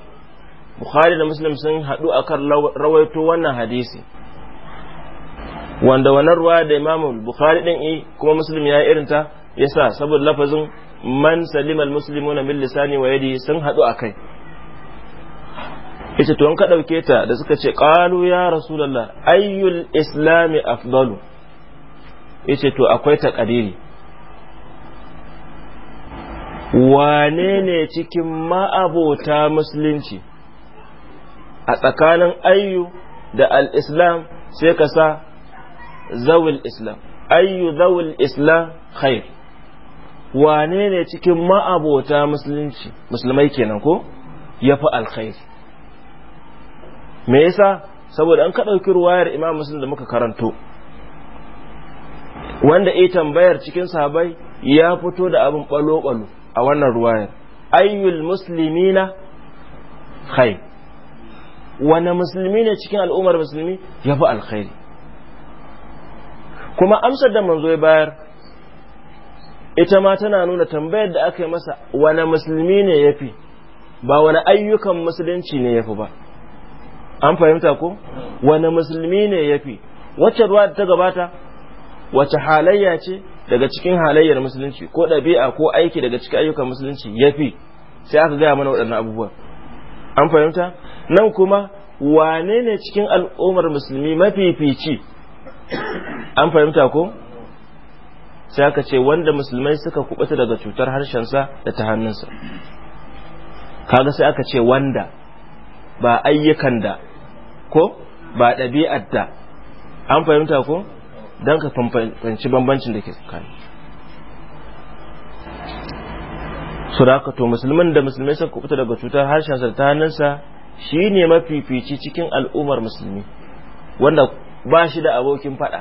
bukhari da muslim sun haɗu akan rawaito wannan hadisi wanda wannan ruwa da imam bukhari din yi kuma muslim ya irinta yasa saboda lafazin man salimal muslimuna min lisani wa yadi sun hadu akai ita to an ka ɗauke ta da suka ce ƙalu ya rasulallah ayyul islami afdalu ita to akwai taƙariri wane ne cikin ma'abota musulunci a tsakanin ayyu da al-islam sai ka sa zawul islam ayyu zawul islam khair wane ne cikin ma'abota musulunci musulmai kenan ko ya fi alkhairi me yasa saboda an ka ɗauki ruwayar imam muslim da muka karanto wanda ya tambayar cikin sahabai ya fito da abin ɓalo-ɓalo a wannan ruwayar ayyul muslimina khai wani musulmi ne cikin al'ummar musulmi ya fi alkhairi kuma amsar da manzo ya bayar ita ma tana nuna tambayar da aka yi masa wani musulmi ne ya fi ba wani ayyukan musulunci ne ya fi ba an fahimta ko wani musulmi ne ya fi wacce ruwa ta gabata wace halayya ce daga cikin halayyar musulunci ko ɗabi'a ko aiki daga cikin ayyukan musulunci ya fi sai aka gaya mana waɗannan abubuwan an fahimta nan kuma wane ne cikin al'ummar musulmi mafifici an fahimta ko sai aka ce wanda musulmai suka kubuta daga cutar harshensa da ta hannunsa kaga sai aka ce wanda ba ayyukan da ko ba ɗabi'ar da an fahimta ko don ka fahimci bambancin da ke tsakani su da to musulmin da musulmai sun kubuta daga cutar harshensa sartaninsa ta hannunsa shi ne mafifici cikin al'ummar musulmi wanda ba shi da abokin faɗa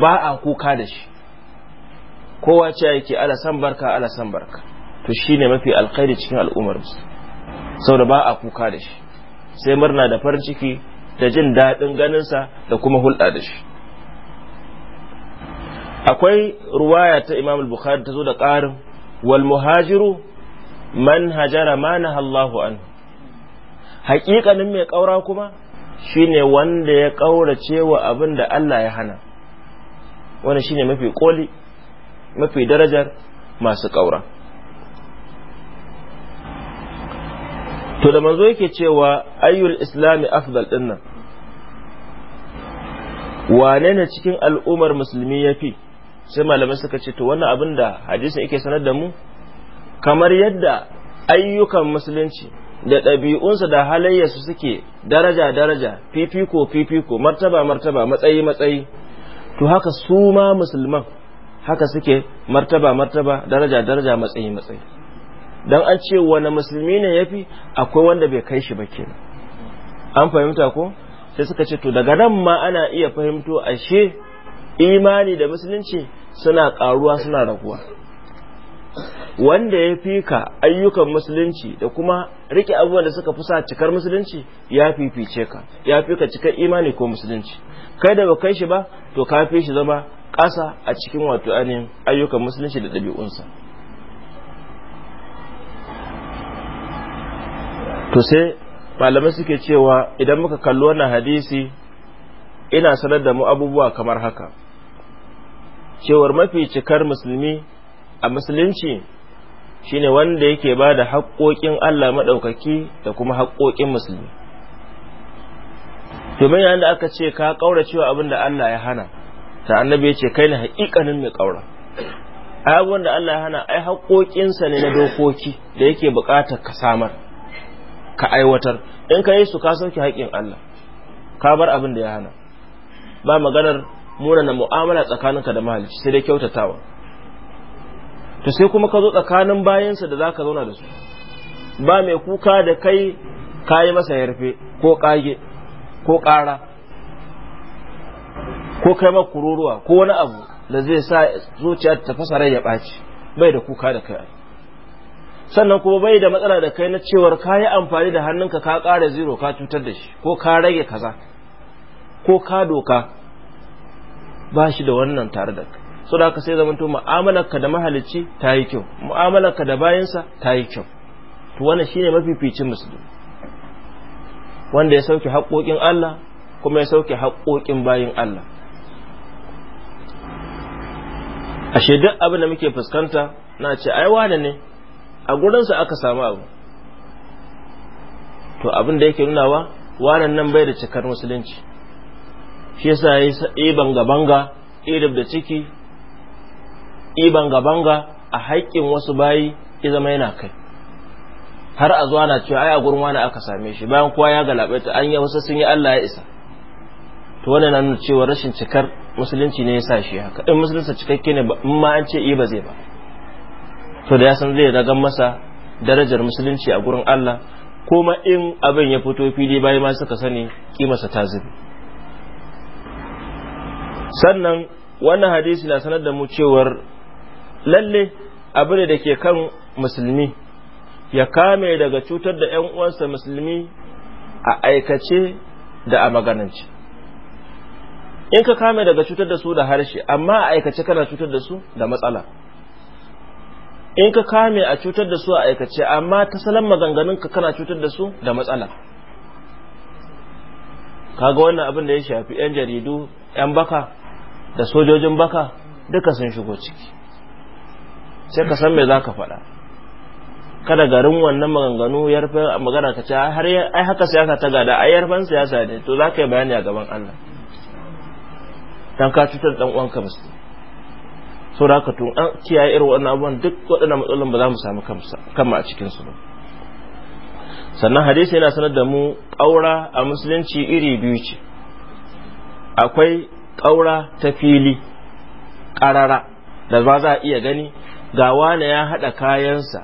ba a kuka da shi kowa ce yake ala san barka ala san barka to shi ne mafi alkhairi cikin al'ummar musulmi sau da ba a kuka da shi sai murna da farin ciki da jin daɗin ganin sa da kuma hulɗa da shi akwai ruwaya ta imam bukhari ta zo da ƙarin wal muhajiru man hajara ma Allahu an haƙiƙanin mai ƙaura kuma shine wanda ya ƙaura cewa abin da Allah ya hana Wani shine mafi ƙoli mafi darajar masu ƙaura to da manzo yake cewa ayyul islami afdal din nan wane ne cikin al'ummar musulmi ya fi sai malamai suka ce to wannan abin da hadisi yake sanar da mu kamar yadda ayyukan musulunci da ɗabi'unsa da halayyarsu suke daraja daraja fifiko fifiko martaba martaba matsayi matsayi to haka su ma musulman haka suke martaba martaba daraja daraja matsayi matsayi dan an ce wani musulmi ne yafi akwai wanda bai kai shi ba kenan an fahimta ko sai suka ce to daga nan ma ana iya fahimto ashe imani da musulunci suna karuwa suna raguwa wanda ya fi ka ayyukan musulunci da kuma rike abubuwan da suka fi sa cikar musulunci ya fifice ka ya fi ka cikar imani ko musulunci kai da ba kai shi ba to ka shi zama ƙasa a cikin wato ainihin ayyukan musulunci da ɗabi'unsa to sai malamai suke cewa idan muka kalli wannan hadisi ina sanar da mu abubuwa kamar haka cewar mafi cikar musulmi a musulunci shine wanda yake ba da haƙoƙin Allah maɗaukaki da kuma haƙoƙin musulmi domin yayin da aka ce ka ƙaura cewa abin da Allah ya hana ta annabi ya ce kai ne haƙiƙanin mai ƙaura ai abin da Allah ya hana ai haƙoƙinsa ne na dokoki da yake buƙatar ka samar ka aiwatar in ka yi su ka sauke haƙƙin Allah ka bar abin da ya hana ba maganar na mu'amala tsakaninka da mahalicci sai dai kyautatawa to sai kuma ka zo tsakanin bayansa da za ka zauna da su ba mai kuka da kai ka yi masa yarfe ko kage ko ƙara ko kai kururuwa ko wani abu da zai sa zuciya ta tafasa rai ya ɓaci bai da kuka da kai sannan kuma bai da matsala da kai na cewar ka yi amfani da hannunka ka ƙara zero ka cutar da shi ko ka rage kaza ko ka doka ba shi da wannan tare da kai so da haka sai to mu'amalarka da mahalicci ta yi kyau mu'amalarka da bayansa ta yi kyau to wannan shine mafificin musulmi wanda ya sauke haƙoƙin Allah kuma ya sauke haƙoƙin bayin Allah ashe duk abin da muke fuskanta na ce ai wane ne a gurinsa aka samu abu to abin da yake nunawa wanan nan bai da cikar musulunci shi yasa yi banga-banga irib da ciki yi banga a haƙƙin wasu bayi ya zama yana kai har a zuwa na cewa ai a gurin wani aka same shi bayan kowa ya galabe ta an yi wasu sun yi Allah ya isa to wannan nan nuna cewa rashin cikar musulunci ne ya sa shi haka in musulunci cikakke ne in ma an ce iba ba zai ba to da ya san zai ragan masa darajar musulunci a gurin Allah kuma in abin ya fito fili bayi ma suka sani kimarsa ta zubi sannan wannan hadisi na sanar da mu cewar lalle abin da ke kan musulmi ya kame daga cutar da 'yan uwansa musulmi a aikace da a maganance in ka kame daga cutar da su da harshe amma a aikace kana cutar da su da matsala in ka kame a cutar da su a aikace amma ta salon maganganun ka kana cutar da su da matsala kaga wannan abin da ya shafi yan jaridu yan baka da sojojin baka duka sun shigo ciki sai ka san me za ka faɗa kada garin wannan maganganu ya rufe magana ka ce har ai haka siyasa ta gada ai yarfan siyasa ne to za ka yi bayani a gaban Allah Don ka cutar dan uwanka musulmi so da haka tun an kiyaye irin wannan abubuwan duk waɗannan matsalolin ba za mu samu kanmu a cikin su ba sannan hadisi yana sanar da mu ƙaura a musulunci iri biyu ce akwai ƙaura ta fili ƙarara da ba za a iya gani ga wane ya haɗa kayansa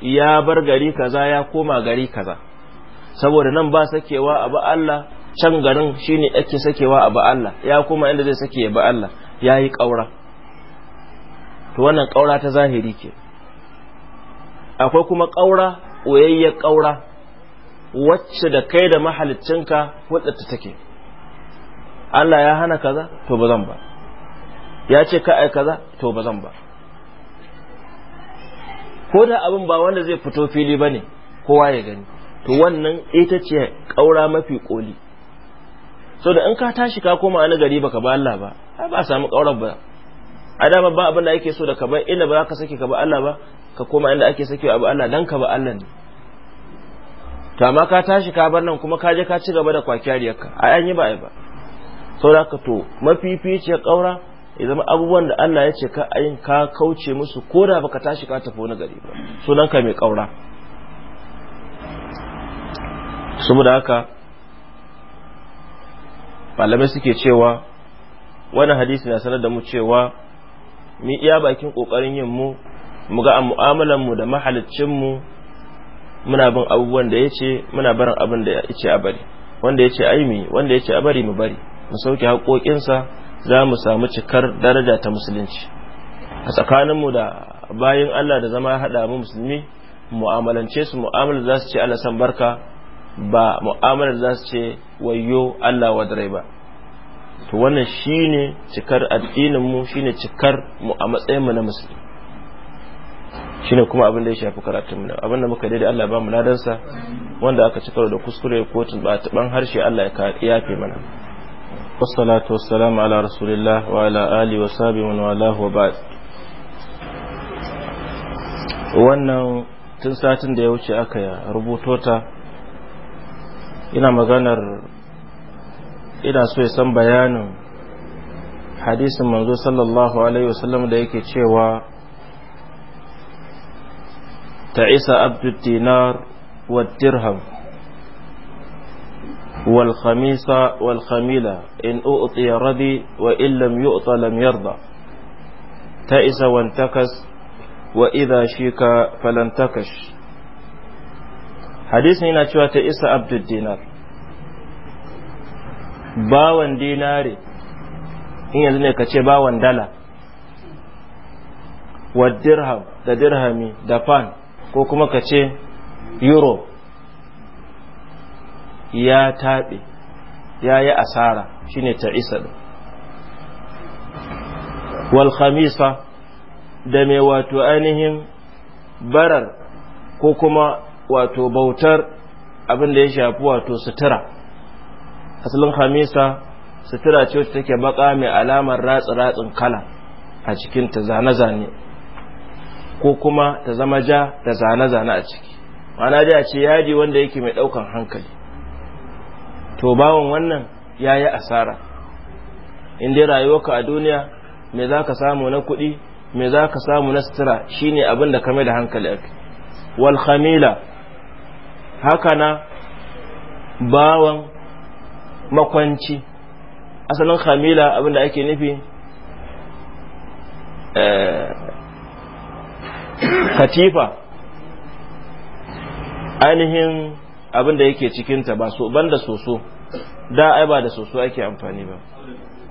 ya bar gari kaza ya koma gari kaza saboda nan ba sakewa a ba Allah can garin shine ake sakewa a ba Allah ya koma inda zai sake ba Allah ya yi ƙaura to wannan kaura ta zahiri ke akwai kuma ƙaura ƙoyayya ƙaura wacce da kai da mahalicinka wadda take Allah ya hana kaza to ba zan ba ya ce ka ai kaza to ba zan ba ko da abin ba wanda zai fito fili ba ne kowa ya gani to wannan ita ce ƙaura mafi koli so da in ka tashi ka koma wani gari baka ba Allah ba ai ba samu ƙaurar ba a dama ba abin da ake so da ka inda ba za ka sake ka ba Allah ba ka koma inda ake sake abu Allah dan ka ba Allah ne to amma ka tashi ka bar nan kuma ka je ka ci gaba da ka a an yi ba ai ba saboda ka to mafificiyar kaura ya zama abubuwan da Allah ya ce ka ayin ka kauce musu ko da baka tashi ka tafi wani gari ba sunan ka mai kaura saboda haka malamai suke cewa wani hadisi na sanar da mu cewa mu iya bakin kokarin yin mu mu ga mu'amalan mu da mahalicin mu muna bin abubuwan da yace muna barin abin da yace a bari wanda yace ai mi wanda yace a bari mu bari mu sauke haƙoƙinsa za mu samu cikar daraja ta musulunci a tsakaninmu da bayan Allah da zama haɗa mu musulmi mu'amalance su mu'amalar za su ce Allah san barka ba mu'amalar za su ce wayyo Allah wadrai ba to wannan shine cikar addinin mu shine cikar mu a matsayin mu na musulmi shine kuma abin da ya shafi karatun mu abin da muka da Allah ba mu sa wanda aka cikar da kuskure ko tuntuban harshe Allah ya yafe mana wassalatu wassalamu ala rasulillah wa ala ali wa sahbihi wa ala wa ba'd wannan tun satin da ya wuce aka rubuto ta ina maganar ina so ya san bayanin hadisin manzo sallallahu alaihi wasallam da yake cewa ta isa abdu dinar wa dirham wal khamisa wal khamila in u'tiya radi wa in lam yu'ta lam yarda ta isa wan takas wa idha shika falantakas hadisin yana cewa ta isa abdu dinar bawan dinare in yanzu ne ka ce bawan dala wa dirham da dirhami da fan ko kuma ka ce euro ya taɓe ya yi asara shine ta isa ɗin wal khamisa da mai wato ainihin barar ko kuma wato bautar abin da ya shafi wato sutura asalin hamisa sutura ce wacce take baka mai alamar ratsi-ratsin kala a cikin ta zane-zane ko kuma ta zama ja da zane-zane a ciki mana da ce yaji wanda yake mai daukan hankali to bawon wannan ya yi asara inda rayuwarka a duniya me za ka samu na kuɗi me za ka samu na sutura shine abin da kame da hankali ake wal khamila haka na bawan makwanci asalin khamila abinda ake nufi eh, katifa ainihin abinda yake cikinta ba so banda soso da ai ba da soso ake amfani ba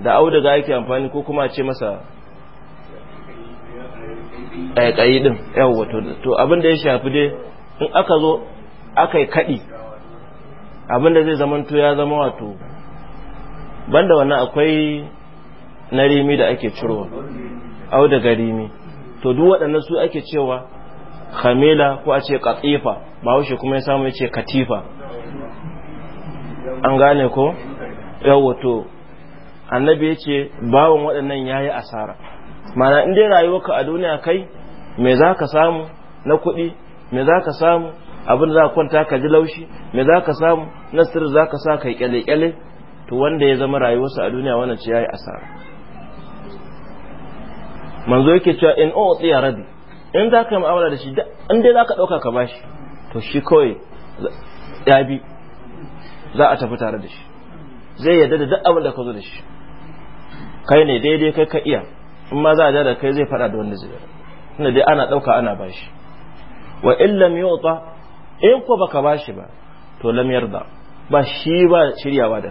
da auduga ake amfani ko kuma ce masa ƙaiƙayi din yawon wato to abinda ya shafi dai in aka zo aka yi kaɗi Abin da zai zamanto ya zama wato banda wannan akwai na rimi da ake cirowa au daga rimi to duk waɗannan su ake cewa khamila ko a ce katsifa ba haushe kuma ya samu ya ce katifa an gane ko yawo to annabi yace ce bawon waɗannan ya yi asara mana in dai rayuwarka a duniya kai me za ka samu na kuɗi me za ka samu abin za ka kwanta ka ji laushi me za ka samu nasir za ka sa kai kyale-kyale to wanda ya zama rayuwarsa a duniya wannan ce yayi asara manzo yake cewa in o tsiya rabi in za ka yi mu'amala da shi in dai za ka ɗauka ka bashi to shi kawai ya bi za a tafi tare da shi zai yarda da duk abin da ka zo da shi kai ne daidai kai ka iya in ma za a da kai zai faɗa da wanda zai tunda dai ana ɗauka ana bashi wa illam yuta in ko baka shi ba to lam yarda ba shi ba shiryawa da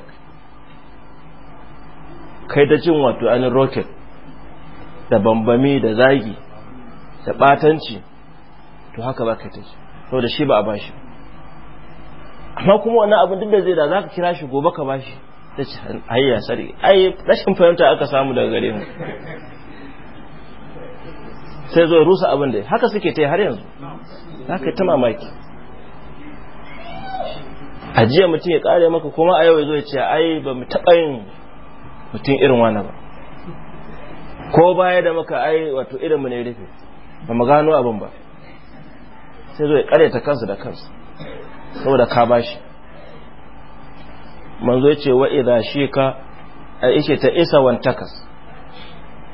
kai da cin wato anin rocket da bambami da zagi da batanci to haka ba kai ta to da shi ba a bashi amma kuma wannan abin duk da zai da zaka kira shi gobe ka bashi ta ci hayya sari ai rashin fahimta aka samu daga gare mu sai zo rusa abin da haka suke ta har yanzu haka ta mamaki a jiya mutum ya kare maka kuma a yau ya zo ya ce ai ba mu taɓa yin mutum irin wani ba ko baya da maka ai wato irin mu ne rufe ba mu gano abin ba sai zo ya ta kansa da kansa saboda ka bashi manzo ya ce wa ka shika a ishe ta isa wan takas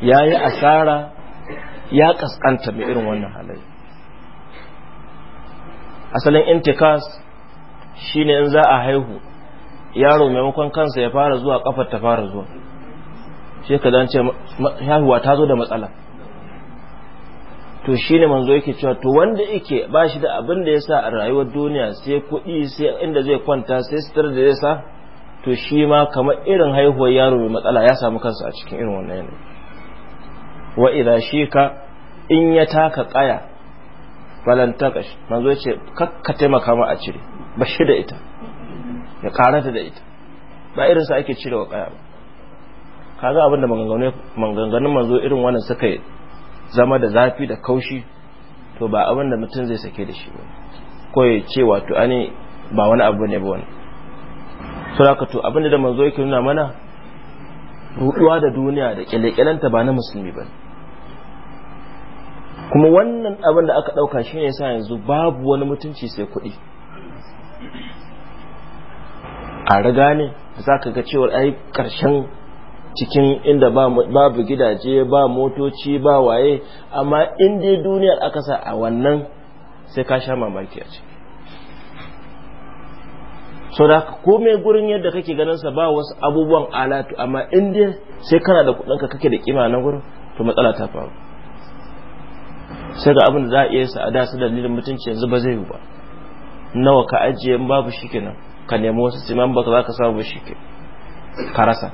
yayi asara ya kaskanta mai irin wannan halayi asalin intikas shi ne in za a haihu yaro maimakon kansa ya fara zuwa kafar ta fara zuwa shi ka zance haihuwa ta zo da matsala to shi ne manzo yake cewa to wanda yake ba shi da abin da ya sa a rayuwar duniya sai kuɗi sai inda zai kwanta sai sitar da zai sa to shi ma kamar irin haihuwar yaro mai matsala ya samu kansa a cikin irin wannan yanayi wa shi shika in ya taka kaya falan manzo yace kakka taimaka ma a cire ba shi da ita ya karata da ita ba irin sa ake cire wa kaya ba kaga abin da maganganun maganganun manzo irin wannan suka yi zama da zafi da kaushi to ba abin da mutum zai sake da shi ba ko ya ce wato ani ba wani abu ne ba wani suraka to abin da manzo yake nuna mana ruduwa da duniya da kyalekyalanta ba na musulmi ba ne kuma wannan abin da aka ɗauka shi ne sa yanzu babu wani mutunci sai kuɗi a riga ne za ka ga cewar ai ƙarshen cikin inda babu gidaje ba motoci ba waye amma inda duniyar aka sa a wannan sai ka sha mamaki a ciki so da ko mai gurin yadda kake ganinsa ba wasu abubuwan alatu amma inda sai kana da kuɗinka kake da kima na gurin to matsala ta faru sai ga abin da za a iya sa a da su dalilin mutunci yanzu ba zai yi ba nawa ka ajiye babu nan ka nemi wasu siman za ka samu shi ke ka rasa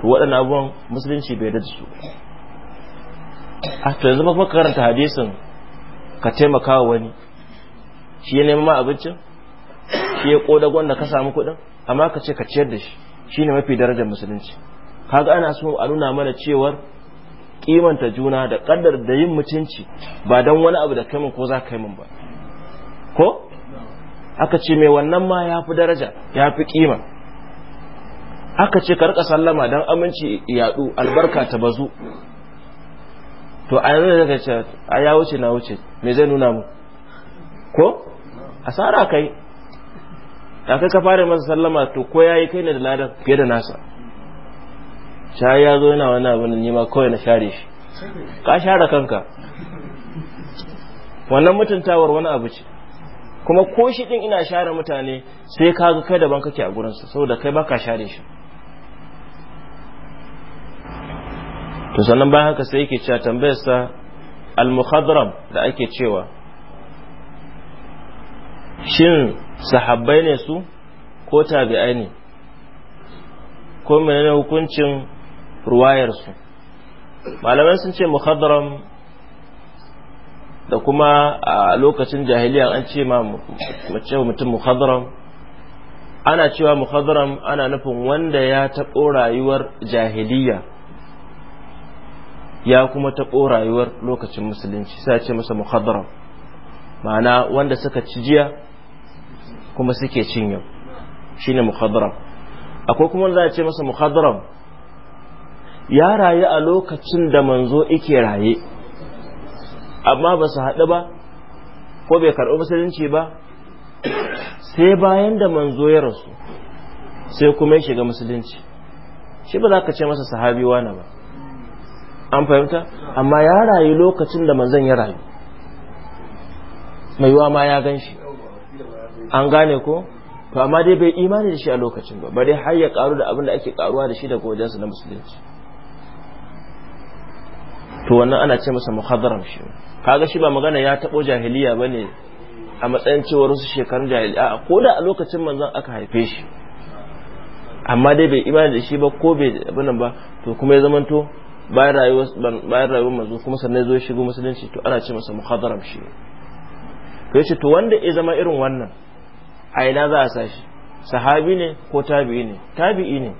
to waɗannan abubuwan musulunci bai da su a ah, to yanzu kuma karanta hadisin ka taimaka wa wani shi ya nemi ma abincin shi ya kodagon da ka samu kuɗin amma ka ce ka ciyar da shi shine mafi darajar musulunci kaga ana so a nuna mana cewar kimanta juna da kaddar da yin mutunci ba don wani abu da kai ko za ka yi ba ko aka ce mai wannan ma ya fi daraja ya fi kima aka ce karka sallama don aminci yadu albarka ta bazu to a yanzu da ce a ya wuce na wuce me zai nuna mu ko asara kai da kai ka fara masa sallama to ko yayi kai ne da ladan fiye da nasa shayi ya zo yana wani abin ne ma kawai na share shi ka share kanka wannan mutuntawar wani abu ce kuma ko shi din ina share mutane sai ka ga kai daban kake a gurinsa saboda kai baka share shi to sannan bayan haka sai yake cewa tambayarsa al-mukhadram da ake cewa shin sahabbai ne su ko tabi'ai ne ko menene hukuncin su malamai sun ce muhadram da kuma a lokacin jahiliya an ce ma mutum muhadram ana cewa muhadram ana nufin wanda ya taɓo rayuwar jahiliya ya kuma taɓo rayuwar lokacin musulunci sai ce masa muhadram ma'ana wanda suka ci jiya kuma suke cin yau shine muhadram akwai kuma za a ce masa muhadram ya rayu a lokacin da manzo ike raye amma ba su haɗu ba ko bai karɓi musulunci ba sai bayan da manzo ya rasu sai kuma ya shiga musulunci shi ba za ka ce masa sahabi wane ba an fahimta amma ya rayu lokacin da manzon ya rayu mai ma ya gan shi an gane ko to amma dai bai imani da shi a lokacin ba bare har ya karu da abin da ake karuwa da shi daga wajensu na musulunci to wannan ana ce masa muhadaram shi kaga shi ba magana ya tabo jahiliya bane a matsayin cewar su shekarun jahiliya ko da a lokacin manzon aka haife shi amma dai bai imani da shi ba ko bai abin ba to kuma ya zamanto bayan rayuwar bayan rayuwar manzo kuma sannan zo ya shigo musulunci to ana ce masa muhadaram shi to yace to wanda ya zama irin wannan a ina za a sa shi sahabi ne ko tabi'i ne tabi'i ne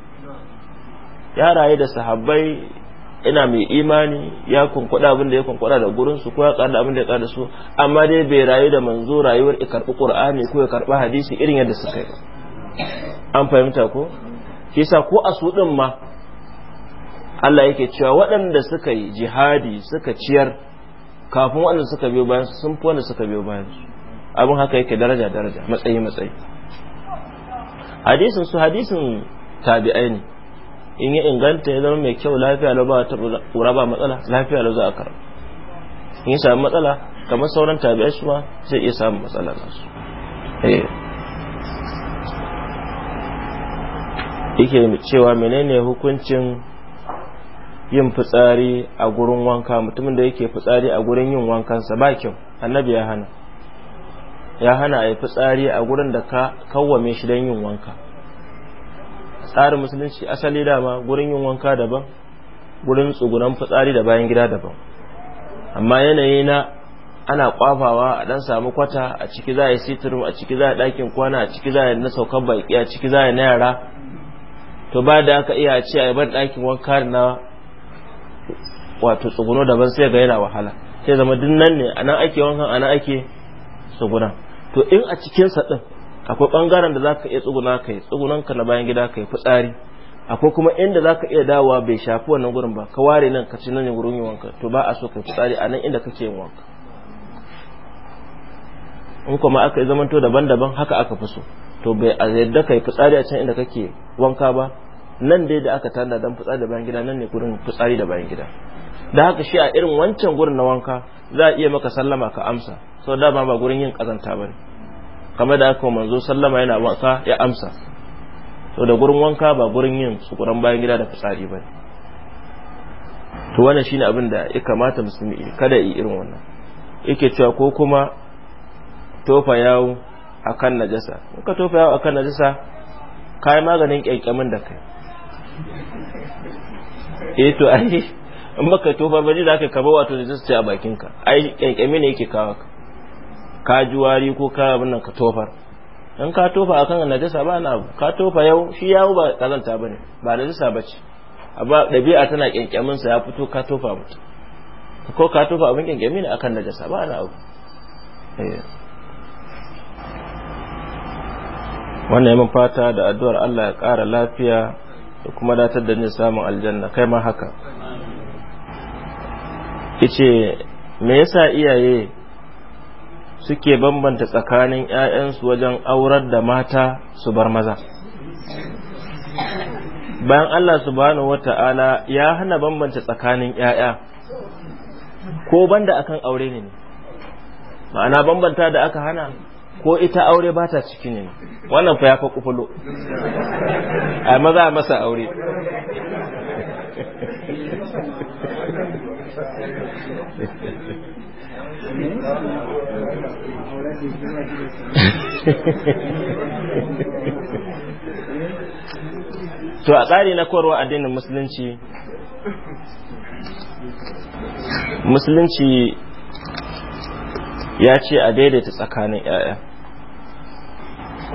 ya raye da sahabbai ina mai imani ya kunkuɗa abin da ya kunkuɗa da gurin su ko ya ƙara abin da ya ƙara su amma dai bai rayu da manzo rayuwar ya karɓi qur'ani ko ya karɓi hadisi irin yadda suka yi an fahimta ko sa ko a su din ma Allah yake cewa waɗanda suka yi jihadi suka ciyar kafin waɗanda suka biyo bayan su sun fi wanda suka biyo bayan su abin haka yake daraja daraja matsayi matsayi hadisin su hadisin tabi'ai ne in ya inganta ya zama mai kyau lafiya lau ba ta ƙura ba matsala lafiya lau za a karɓa in ya samu matsala kamar sauran tabi'ai su ma zai iya samun matsala na su eh. yake cewa menene hukuncin yin fitsari a gurin wanka mutumin da yake fitsari a gurin yin wankansa ba kyau annabi ya hana ya hana a yi fitsari a gurin da ka kawwame shi don yin wanka tsarin musulunci asali dama gurin yin wanka daban gurin tsugunan fitsari da bayan gida daban amma yanayi na ana kwafawa a dan samu kwata a ciki za a yi sitirin a ciki za a dakin kwana a ciki za a yi na saukan baki a ciki za a yi na yara to ba da aka iya ce a yi ban dakin wanka na wato tsuguno daban sai ga yana wahala sai zama duk nan ne a nan ake wankan a nan ake tsugunan to in a cikinsa din akwai bangaren da zaka iya tsuguna kai tsugunan ka na bayan gida kai fitsari akwai kuma inda zaka iya dawowa bai shafi wannan gurin ba ka ware nan ka ci nan gurin yin wanka to ba a so kai fitsari a nan inda kake yin wanka in kuma aka yi zamanto daban-daban haka aka fi so to bai a yadda kai fitsari a can inda kake wanka ba nan dai da aka tanda dan fitsari da bayan gida nan ne gurin fitsari da bayan gida da haka shi a irin wancan gurin na wanka za a iya maka sallama ka amsa sau da ba gurin yin kazanta ne. kamar da aka manzo sallama yana wasa ya amsa to da gurin wanka ba gurin yin sukuran bayan gida da fitsari ba to wannan shine abin da ya kamata musulmi kada yi irin wannan yake cewa ko kuma tofa yawo akan najasa in ka tofa yawo akan najasa kai maganin kyakkyamin da kai eh to ai in baka tofa ba ni da ka kaba wato najasa ce a bakinka ai kyankyami ne yake kawo ka ka ji wari ko ka abin nan ka tofar in ka tofa akan najasa ba na abu ka tofa yau shi yawo ba kazanta bane ba najasa bace abba dabi'a tana kyankyamin sa ya fito ka tofa mutu ko ka tofa abin kyankyami ne akan najasa ba na abu eh. wannan yamin fata da addu'ar Allah ya ƙara lafiya da kuma datar da ni samun aljanna kai ma haka ice me yasa iyaye suke bambanta tsakanin 'ya'yansu wajen aurar da mata su bar maza bayan Allah subhanahu wata'ala ya hana bambanta tsakanin 'ya'ya ko banda akan aure ne ma'ana bambanta da aka hana ko ita aure ba ta ciki ne wannan fa ya fa kufulo a maza masa aure (laughs) to a tsari na korwa addinin musulunci musulunci ya ce a daidaita tsakanin 'ya'ya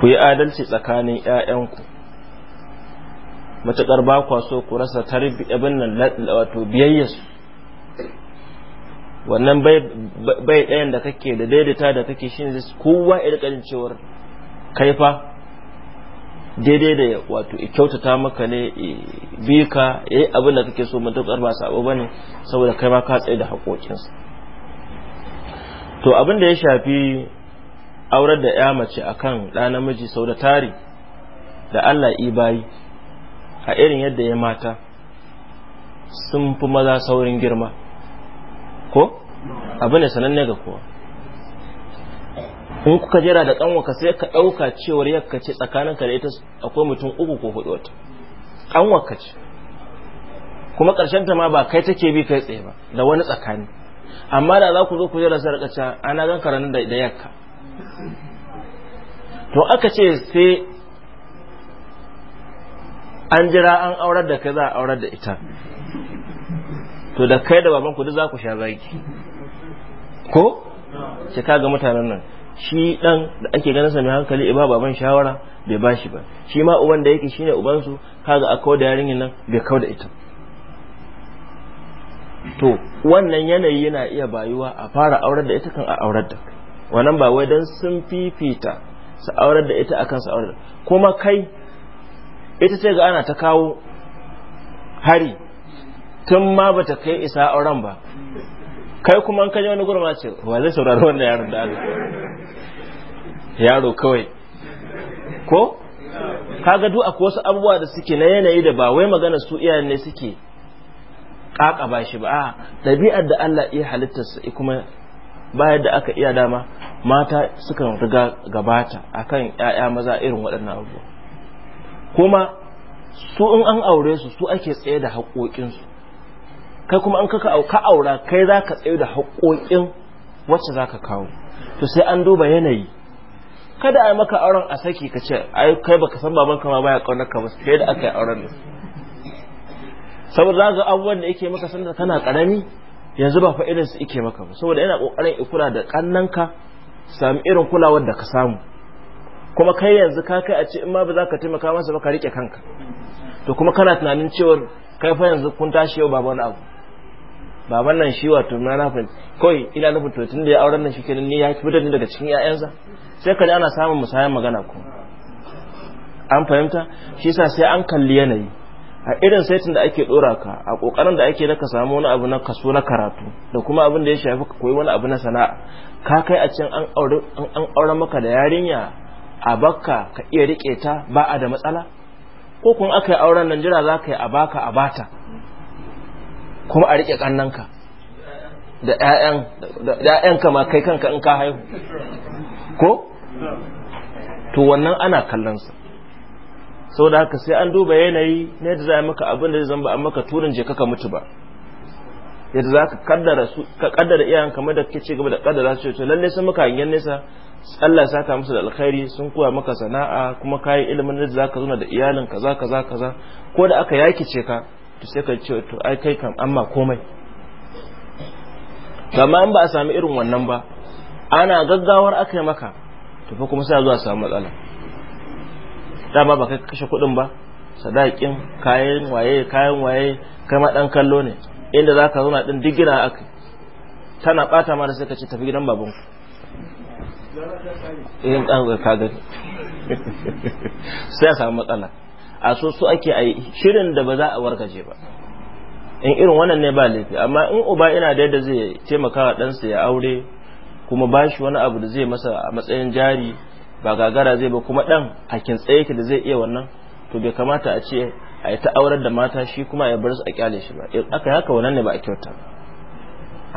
ku yi adalci tsakanin 'ya'yanku matuƙar ba kwa so ku rasa tarbi abin nan wato biyayyarsu wannan bai ɗayan da kake da daidaita da kake shi ne kowa ya rika cewar kaifa daidai da wato kyautata maka ne bi ka yayi eh, abin da kake so matuƙar ba sabo bane saboda kai ma ka tsaye da haƙoƙinsa to abin da ya shafi aurar da ya mace akan ɗa namiji sau da tari da Allah ibayi a irin yadda ya mata sun fi maza saurin girma ko abu ne sananne ga kowa in kuka jira da kanwaka sai ka ɗauka cewar yakka ce tsakaninka da ita akwai mutum uku ko hudu wata kanwaka ce kuma ƙarshen ta ma ba kai take bi kai tsaye ba da wani tsakani amma da za ku zo ku jira sai ana gan karanin da yakka to aka ce sai an jira an aurar da kai za a aurar da ita to da kai da babanku duk za ku sha zaki ko ce ga mutanen nan shi dan da ake ganin sa mai hankali ba baban shawara bai bashi ba shi ma uban da yake shine uban su kaga akwai da yarinyar nan bai kau da ita to wannan yanayi yana iya bayuwa a fara aurar da ita kan a aurar da wannan ba wai dan sun fifita su aurar da ita akan su aurar kuma kai ita ce ga ana ta kawo hari tun ma ba ta kai isa auren ba kai kuma an wani gurma ce wa zai saurari wanda yaron da Allah yaro kawai ko kaga duk akwai wasu abubuwa da suke na yanayi da ba wai magana su iyayen ne suke ba shi ba a ɗabi'ar da Allah iya halittarsa kuma bayan da aka iya dama mata sukan riga gabata akan ‘ya'ya maza irin waɗannan abubuwa kuma su in an aure su su ake tsaye da haƙoƙinsu kai kuma an kaka ka aura kai za ka tsayo da haƙoƙin wacce za ka kawo to sai an duba yanayi kada a maka auren a saki ka ce ai kai baka san baban ka ma baya kaunar ka ba sai da aka yi auren da saboda za ga abubuwan da yake maka sanda kana karami yanzu ba fa irin su yake maka ba saboda yana kokarin kula da ka sami irin kulawar da ka samu kuma kai yanzu ka kai a ce in ma ba za ka taimaka masa ba ka rike kanka to kuma kana tunanin cewa kai fa yanzu kun tashi yau ba wani abu baban wannan shi wato na na fahimci kawai ina nufin to tun da ya auren nan shi kenan ne ya fitar ni daga cikin ƴaƴansa sai ka ana samun musayar magana ko an fahimta shi yasa sai an kalli yanayi a irin saitin da ake dora ka a kokarin da ake na ka samu wani abu na kaso na karatu da kuma abin da ya shafi ka koyi wani abu na sana'a ka kai a cikin an aure an maka da yarinya a bakka ka iya rike ta ba a da matsala ko kun aka yi auren nan jira za ka yi a baka a bata kuma a riƙe ƙannanka da ‘ya'yanka ma kai kanka in ka haihu ko? to wannan ana kallonsa sau da haka sai an duba yanayi na yadda za a maka abin da zan ba a maka turin je kaka mutu ba yadda za ka kaddara su ka kaddara iyayen kamar da kake cigaba da kaddara su to lalle sun maka hanyar nesa Allah saka musu da alkhairi sun kuwa maka sana'a kuma kai ilimin da zaka zauna da iyalin kaza kaza kaza ko da aka yakice ka to sai ka ce to ai kai kam amma komai kamar an ba a sami irin wannan ba ana gaggawar aka yi maka to fa kuma sai zuwa samu matsala dama ba kai kashe kuɗin ba sadakin kayan waye kayan waye kai ma dan kallo ne inda za ka zauna din digina aka tana ɓata da sai ka ce tafi gidan babanku in eh, ka gani (laughs) sai a samu matsala a so su ake a shirin da ba za a warkace ba in irin wannan ne ba laifi amma in uba ina da yadda zai taimaka wa ɗansa ya aure kuma ba shi wani abu da zai masa a matsayin jari ba gagara zai ba kuma ɗan a tsaye yake da zai iya wannan to bai kamata a ce a yi ta aurar da mata shi kuma ya bar su a kyale shi ba in aka haka wannan ne ba a kyauta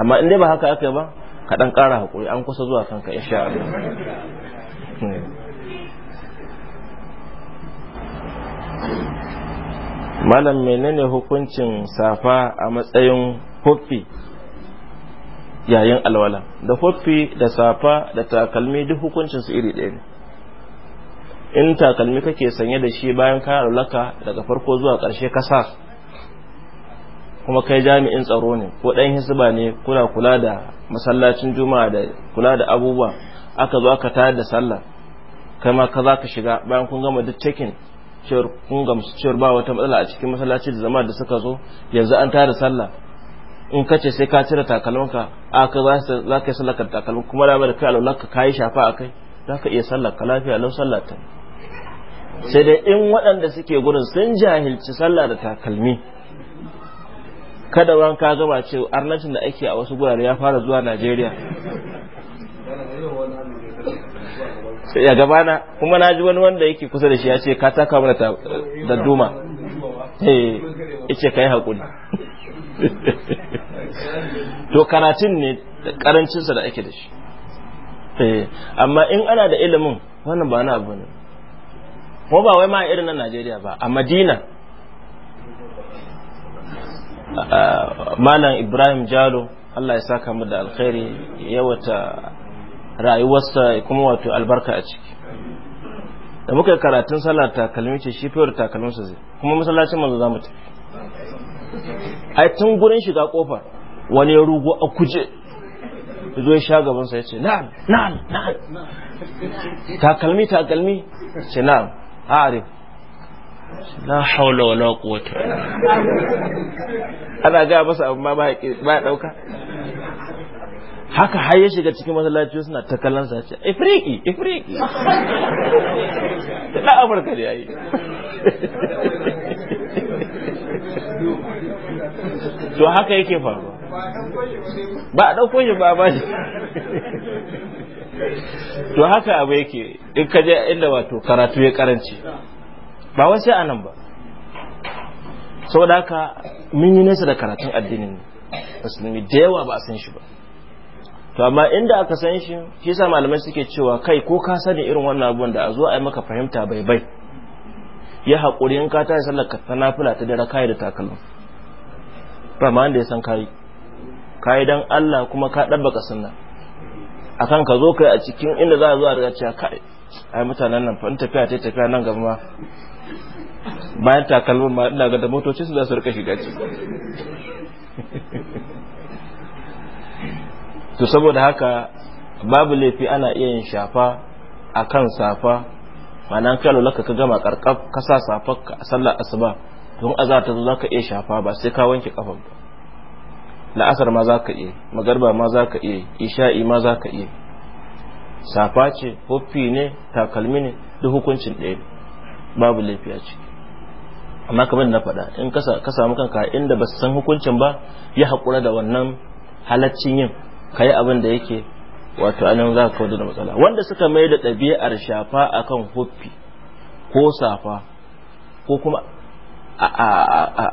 amma in dai ba haka aka ba ka ɗan ƙara haƙuri an kusa zuwa kanka insha Allah hmm. malam menene hukuncin safa a matsayin hoffi yayin alwala da hoffi da safa da takalmi duk hukuncin su iri ɗaya ne in takalmi kake sanye da shi bayan ka alwalaka daga farko zuwa ƙarshe kasa kuma kai jami'in tsaro ne ko ɗan hisba ne kuna kula da masallacin juma'a da kula da abubuwa aka zo aka tayar da sallah kai ma ka za ka shiga bayan kun gama duk cikin cewar cewar ba wata matsala a cikin masallaci da zama da suka zo yanzu an tara sallah in ka ce sai ka cire takalmanka a ka za ka yi sallar takalmin kuma da da kai alwala ka yi shafa a kai za ka iya sallar ka lafiya lau sallar ta sai dai in waɗanda suke gurin sun jahilci sallah da takalmi kada wanka ka gaba ce arnacin da ake a wasu gurare ya fara zuwa najeriya sai ya gabana kuma na ji wani wanda yake kusa da shi ya ce ka taka mana da duma eh yace kai hakuri (laughs) to karatun ne karancin sa da ake da shi eh, amma in ana da ilimin wannan ba na abu ne ko ba wai ma irin na Najeriya ba a Madina Malam Ibrahim Jalo Allah ya saka mu da alkhairi yawata rayuwarsa kuma wato albarka a ciki da muka yi karatun sallar takalmi ce shi fiyar takalminsa zai kuma masallacin manzo za mu tafi ai tun gurin shiga kofa wani ya rugo a kuje zo ya sha gabansa ya ce na'am na'am na'am takalmi takalmi ce na'am arif Na haula wani quwwata ana gaya masa ma ba ya dauka haka har ya shiga cikin masallaci suna ta kallon sa ce ifriki ifriki da amurka da yayi to haka yake faruwa ba a ɗauko shi ba ba shi to haka abu yake in ka je inda wato karatu ya karanci ba wai sai anan ba saboda haka mun yi nesa da karatun addinin musulmi da yawa ba a san shi ba to amma inda aka san shi shi sa malamai suke cewa kai ko ka sani irin wannan abun da a zo a yi maka fahimta bai bai ya haƙuri in ka tashi sallar ta nafila ta dare kai da takalma ba ma wanda ya san kai kai dan Allah kuma ka ka sunna akan ka zo kai a cikin inda za a zo a riga cewa kai ai mutanen nan fa in tafiya ta tafiya nan gaba ma bayan takalmin ma ina ga da motoci su za su rika shiga ciki (laughs) to saboda haka babu laifi ana iya yin shafa a kan safa ma'ana kai lulaka ka gama karkab ka sa safarka a sallar asuba don aza ta zo zaka iya shafa ba sai ka wanke kafan ba la'asar ma zaka iya magarba ma zaka iya isha'i ma zaka iya safa ce hoffi ne takalmi ne duk hukuncin ɗaya babu laifi a ciki amma kamar na faɗa in ka samu kanka inda ba san hukuncin ba ya haƙura da wannan halaccin yin ka yi abin da yake wato anan za ka da matsala wanda suka mai da ɗabi'ar shafa akan huffi ko safa ko kuma a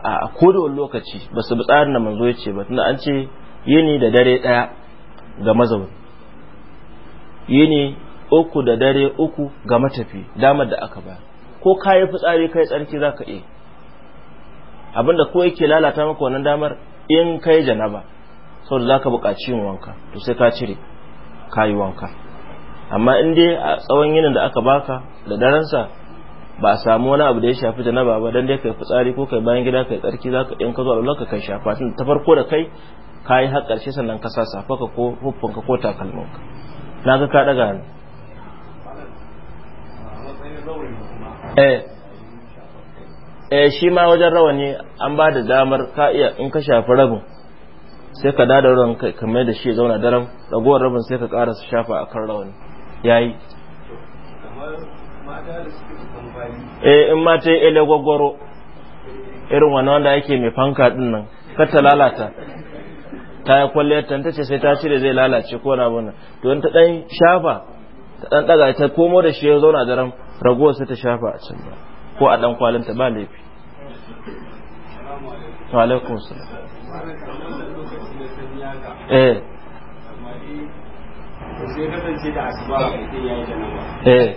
a kodowar lokaci ba su bi tsarin da manzo ya ce ba tunda an ce yini da dare ɗaya ga mazaun yini uku da dare uku ga matafi damar da aka ba ko kayi fitsari kai tsarki zaka ka iya abinda ko yake lalata maka wannan damar in kai janaba sau da za ka buƙaci yin wanka to sai ka cire kayi wanka amma in dai a tsawon yinin da aka baka da daren sa ba a samu wani abu da ya shafi na ba dan dai kai fitsari ko kai bayan gida kai tsarki zaka in ka zo Allah ka kai shafa tun ta farko da kai kai har karshe sannan ka sa safaka ko ka ko takalminka naga ka daga ni eh eh shi ma wajen rawani an ba da damar ka iya in ka shafi rabin sai ka dada ruwan kamar da shi zauna daram ragowar rabin sai ka ƙara su shafa a kan rawan yayi eh in ma ta yi ele gwaggwaro irin wani wanda yake mai fanka din nan kar ta lalata ta yi kwalliyar ta ce sai ta cire zai lalace ko na bana to in ta dan shafa ta dan daga ta komo da shi ya zauna daram ragowar sai ta shafa a can ko a dan kwalinta ba laifi wa alaikum salam Eh. Eh. eh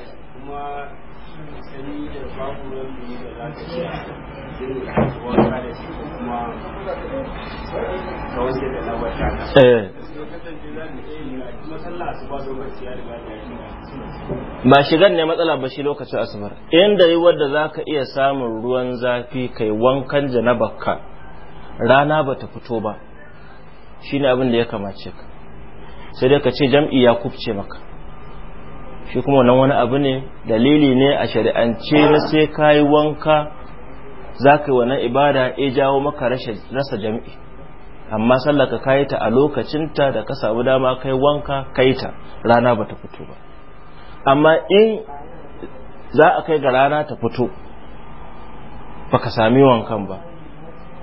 ba shigan ne matsala ba shi lokacin asibar inda yi wadda za ka iya samun ruwan zafi kai wankan janabarka rana ba ta fito ba Shi ne abin da ya kamace ka sai dai ka ce jam'i ya kubce maka shi kuma nan wani abu ne dalili ne a shari'ance na sai ka yi wanka za ka yi wani ibada ya jawo maka rasa jam'i amma sallaka ka yi ta a lokacinta da ka samu dama kai wanka ka yi ta rana ba ta fito ba amma in za a kai ga rana ta fito ba ka sami wankan ba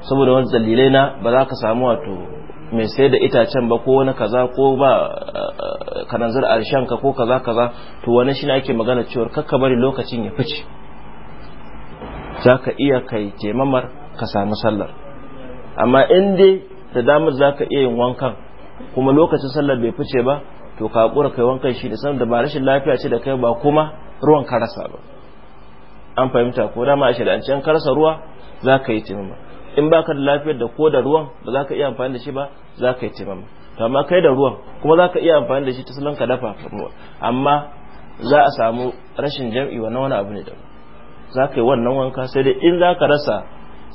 saboda wani dalilai na ba za ka samu wato mai sai da itacen ba ko wani kaza ko ba eh, kananzar arshanka ko kaza kaza to wani shi ake magana cewar kakka bari lokacin ya fice za ka iya kai taimamar ka samu sallar amma in dai da damar za ka iya yin wankan kuma lokacin sallar bai fice ba to ka haƙura kai wankan shi da sanar da ba rashin lafiya ce da kai ba kuma ruwan karasa ba an fahimta ko dama a shirya an karasa ruwa za ka yi taimama in baka da lafiyar da ko da ruwan ba za ka iya amfani da shi ba za ka yi taimama to amma kai da ruwan kuma za ka iya amfani da shi ta salon ka dafa amma za a samu rashin jam'i wannan wani abu ne da za ka yi wannan wanka sai dai in za ka rasa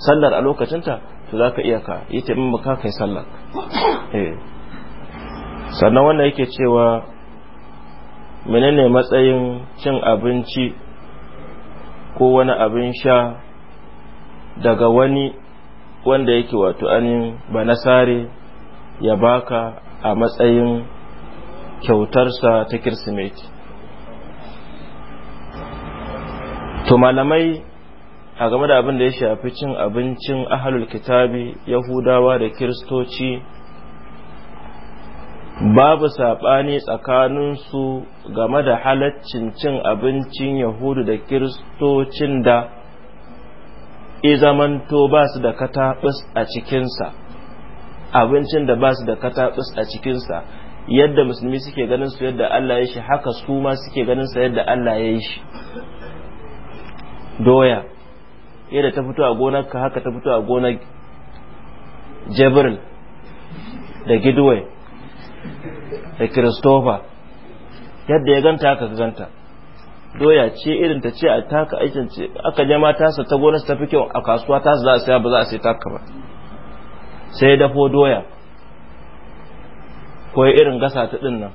sallar a lokacinta to za ka iya ka yi taimama ka kai sallar eh. sannan wannan yake cewa menene matsayin cin abinci ko wani abin sha daga wani wanda yake wato anin banasare ya baka a matsayin kyautarsa ta kirsimeti to malamai a game da abin da ya shafi cin abincin ahalul kitabi yahudawa da kiristoci babu saɓani tsakaninsu game da halaccin cin abincin yahudu da kiristocin da e zamanto ba su da kataɓus a cikinsa abincin da ba su da kataɓus a cikinsa yadda musulmi suke ganin su yadda Allah ya shi haka su ma suke ganin sa yadda Allah ya yi shi doya yadda ta fito a gonar ka haka ta fito a gonar Jibril da Gidwe da Christopher yadda ya ganta haka ganta doya ce irin ta ce a taka aikin ce aka je ma tasa ta gonar ta fi kyau a kasuwa tasa za a saya ba za a sai taka ba sai dafo doya ko irin gasa ta din nan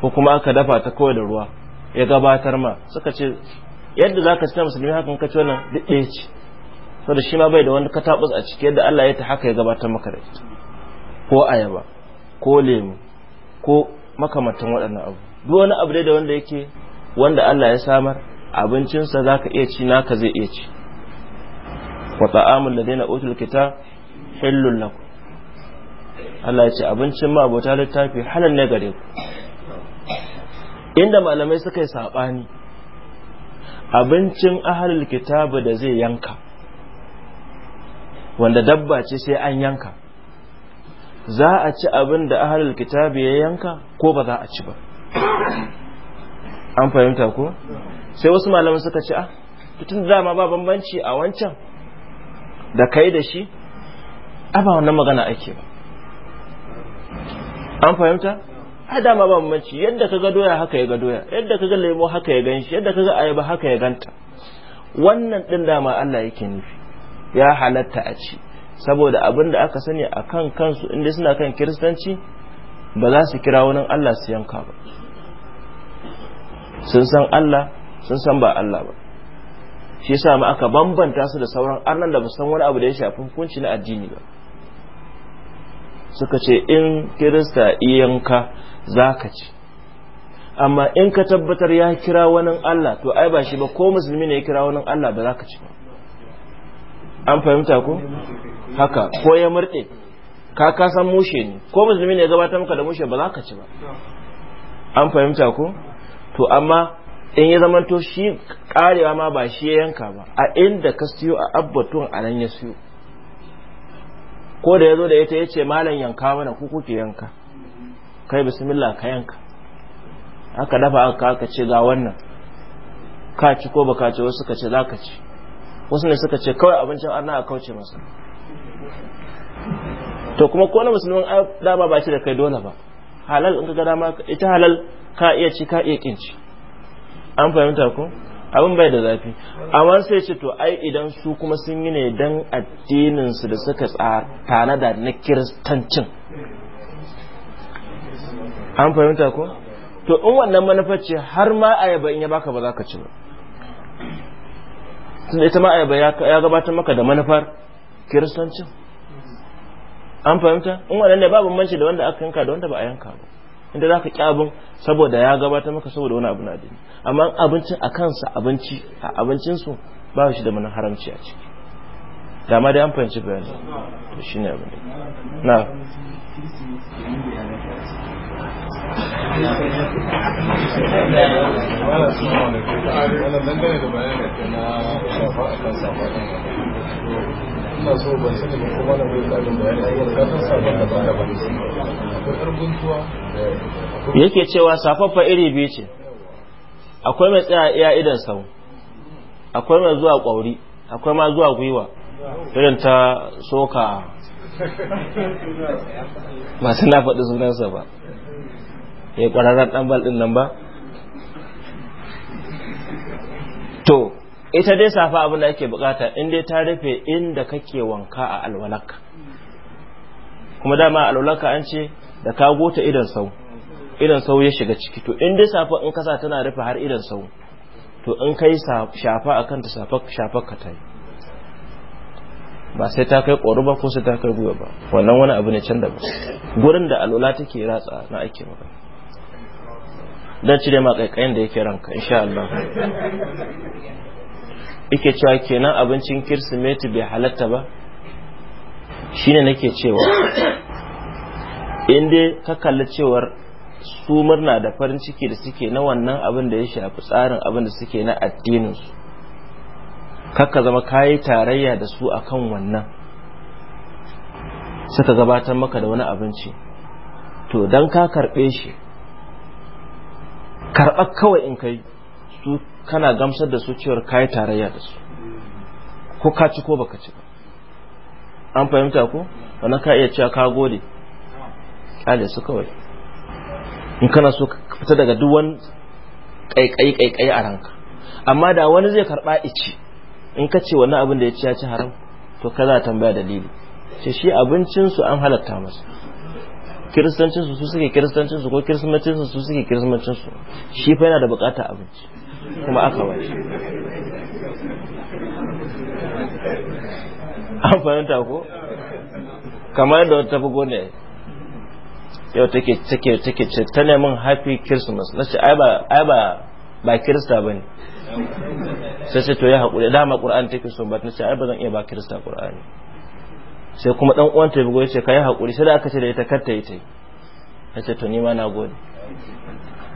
ko kuma aka dafa ta kawai da ruwa ya gabatar ma suka ce yadda za ka ci musulmi hakan ka ci wannan duk ɗaya ce saboda shi ma bai da wani katabus a ciki yadda Allah ya ta haka ya gabatar maka da ita ko ayaba ko lemu ko makamantan waɗannan abu duk wani abu dai da wanda yake wanda Allah ya samar abincinsa za ka iya ci naka zai iya ci wa ta'amul ladaina utul kitab hillul lakum Allah ya ce abincin ma abota littafi halal ne gare ku inda malamai suka yi sabani abincin ahlul kitab da zai yanka wanda dabba ce sai an yanka za a ci abin da ahlul kitab ya yanka ko ba za a ci ba an fahimta ko sai wasu malamin suka ce ah tun da ma ba bambanci a wancan da kai da shi a ba wannan magana ake ba an fahimta a ma ba bambanci yadda ka ga doya haka ya ga doya yadda ka ga lemo haka ya ganshi yadda ka ga ayaba haka ya ganta wannan din dama Allah yake nufi ya halatta a ci saboda abin da aka sani a kan kansu inda suna kan kiristanci ba za su kira wani Allah su yanka ba sun san Allah sun san ba Allah ba shi yasa mu aka bambanta su da sauran annan da ba san wani abu da ya shafi hukunci na addini ba suka ce in kirista iyanka zaka ci amma in ka tabbatar ya kira wani Allah to ai ba shi ba ko musulmi ne ya kira wani Allah ba zaka ci ba an fahimta ko haka ko ya murde ka ka san mushe ne ko musulmi ne ya gabatar maka da mushe ba zaka ci ba an fahimta ko to amma in ya zamanto shi karewa ma ba shi ya yanka ba a inda ka siyo a abbatun a nan ya siyo ko da ya zo da ita ya ce malam yanka mana ko kuke yanka kai bismillah ka yanka aka dafa aka aka ce ga wannan ka ci ko baka ci wasu ka ce za ka ci wasu ne suka ce kawai abincin arna a kauce masa to kuma ko na musulmin dama ba shi da kai dole ba halal in ka ga dama ita halal ka iya ci ka iya kinci an fahimta ko abin bai da zafi amma sai ce to ai idan su kuma sun yi ne dan addinin su da suka tsara da na kiristancin an fahimta ko to in wannan manufar ce har ma ayaba in ya baka ba za ka ci ba da ita ma ayaba ya gabatar maka da manufar kiristancin an fahimta in wannan ne babu manci da wanda aka yanka da wanda ba a yanka ba inda za ka ƙi abin saboda ya gabata maka saboda wani abu na dini amma abincin a kansa abinci a abincinsu ba shi da mana haramci a ciki dama dai an fahimci bayani to shi ne abin na da na shafa a ina so ban sani ba bayani a yau kafin da ba da ba akwai yake cewa safaffa iri biyu ce akwai mai tsaya iya idan sau akwai mai zuwa kwauri akwai ma zuwa gwiwa irin ta soka masu na faɗi sunansa ba ya ƙwararren ɗan bal ɗin nan ba to ita dai safa abin da ake bukata in dai ta rufe inda kake wanka a alwalaka kuma dama alwalaka an ce da ka gota idan sau idan sau ya shiga ciki to in dai safa in kasa tana rufe har idan sau to in kai shafa a kanta shafa ka ta yi ba sai ta kai ƙoro ba ko sai ta kai guwa ba wannan wani abu ne can da ba gurin da alwala take ratsa na ake magana dan cire ma kaikayin da yake ranka insha Allah yake cewa kenan abincin kirsimeti bai halatta ba shine nake cewa in dai ka kalli cewar su murna da farin ciki da suke na wannan abin da ya shafi tsarin abin da suke na addininsu kakka zama kayi tarayya da su akan wannan suka gabatar maka da wani abinci to don ka karɓe shi karɓa kawai in kai su kana gamsar da su cewar kayi tarayya da su ko ka ci ko baka ci ba an fahimta ko wani ka iya cewa ka gode kyale su kawai in kana so ka fita daga duk wani kaikai kaikai a ranka amma da wani zai karba ici in ka ce wani abin da ya ci ya ci haram to a tambaya dalili ce shi abincinsu an halatta masu kiristancinsu su suke kiristancinsu ko kirismacinsu su suke kirismacinsu shi fa yana da bukata abinci kuma aka wani amfani ta ko kamar yadda wata bugo ne yau take take take ce ta neman happy christmas na ce ai ba ba ba ba ne sai sai to ya haƙuri dama qur'an take so ba ta ce ai ba zan iya ba kirista qur'ani sai kuma ɗan uwan ta bugo ya ce yi haƙuri sai da aka ce da ita kar ta yi ta yi ce to ni ma na gode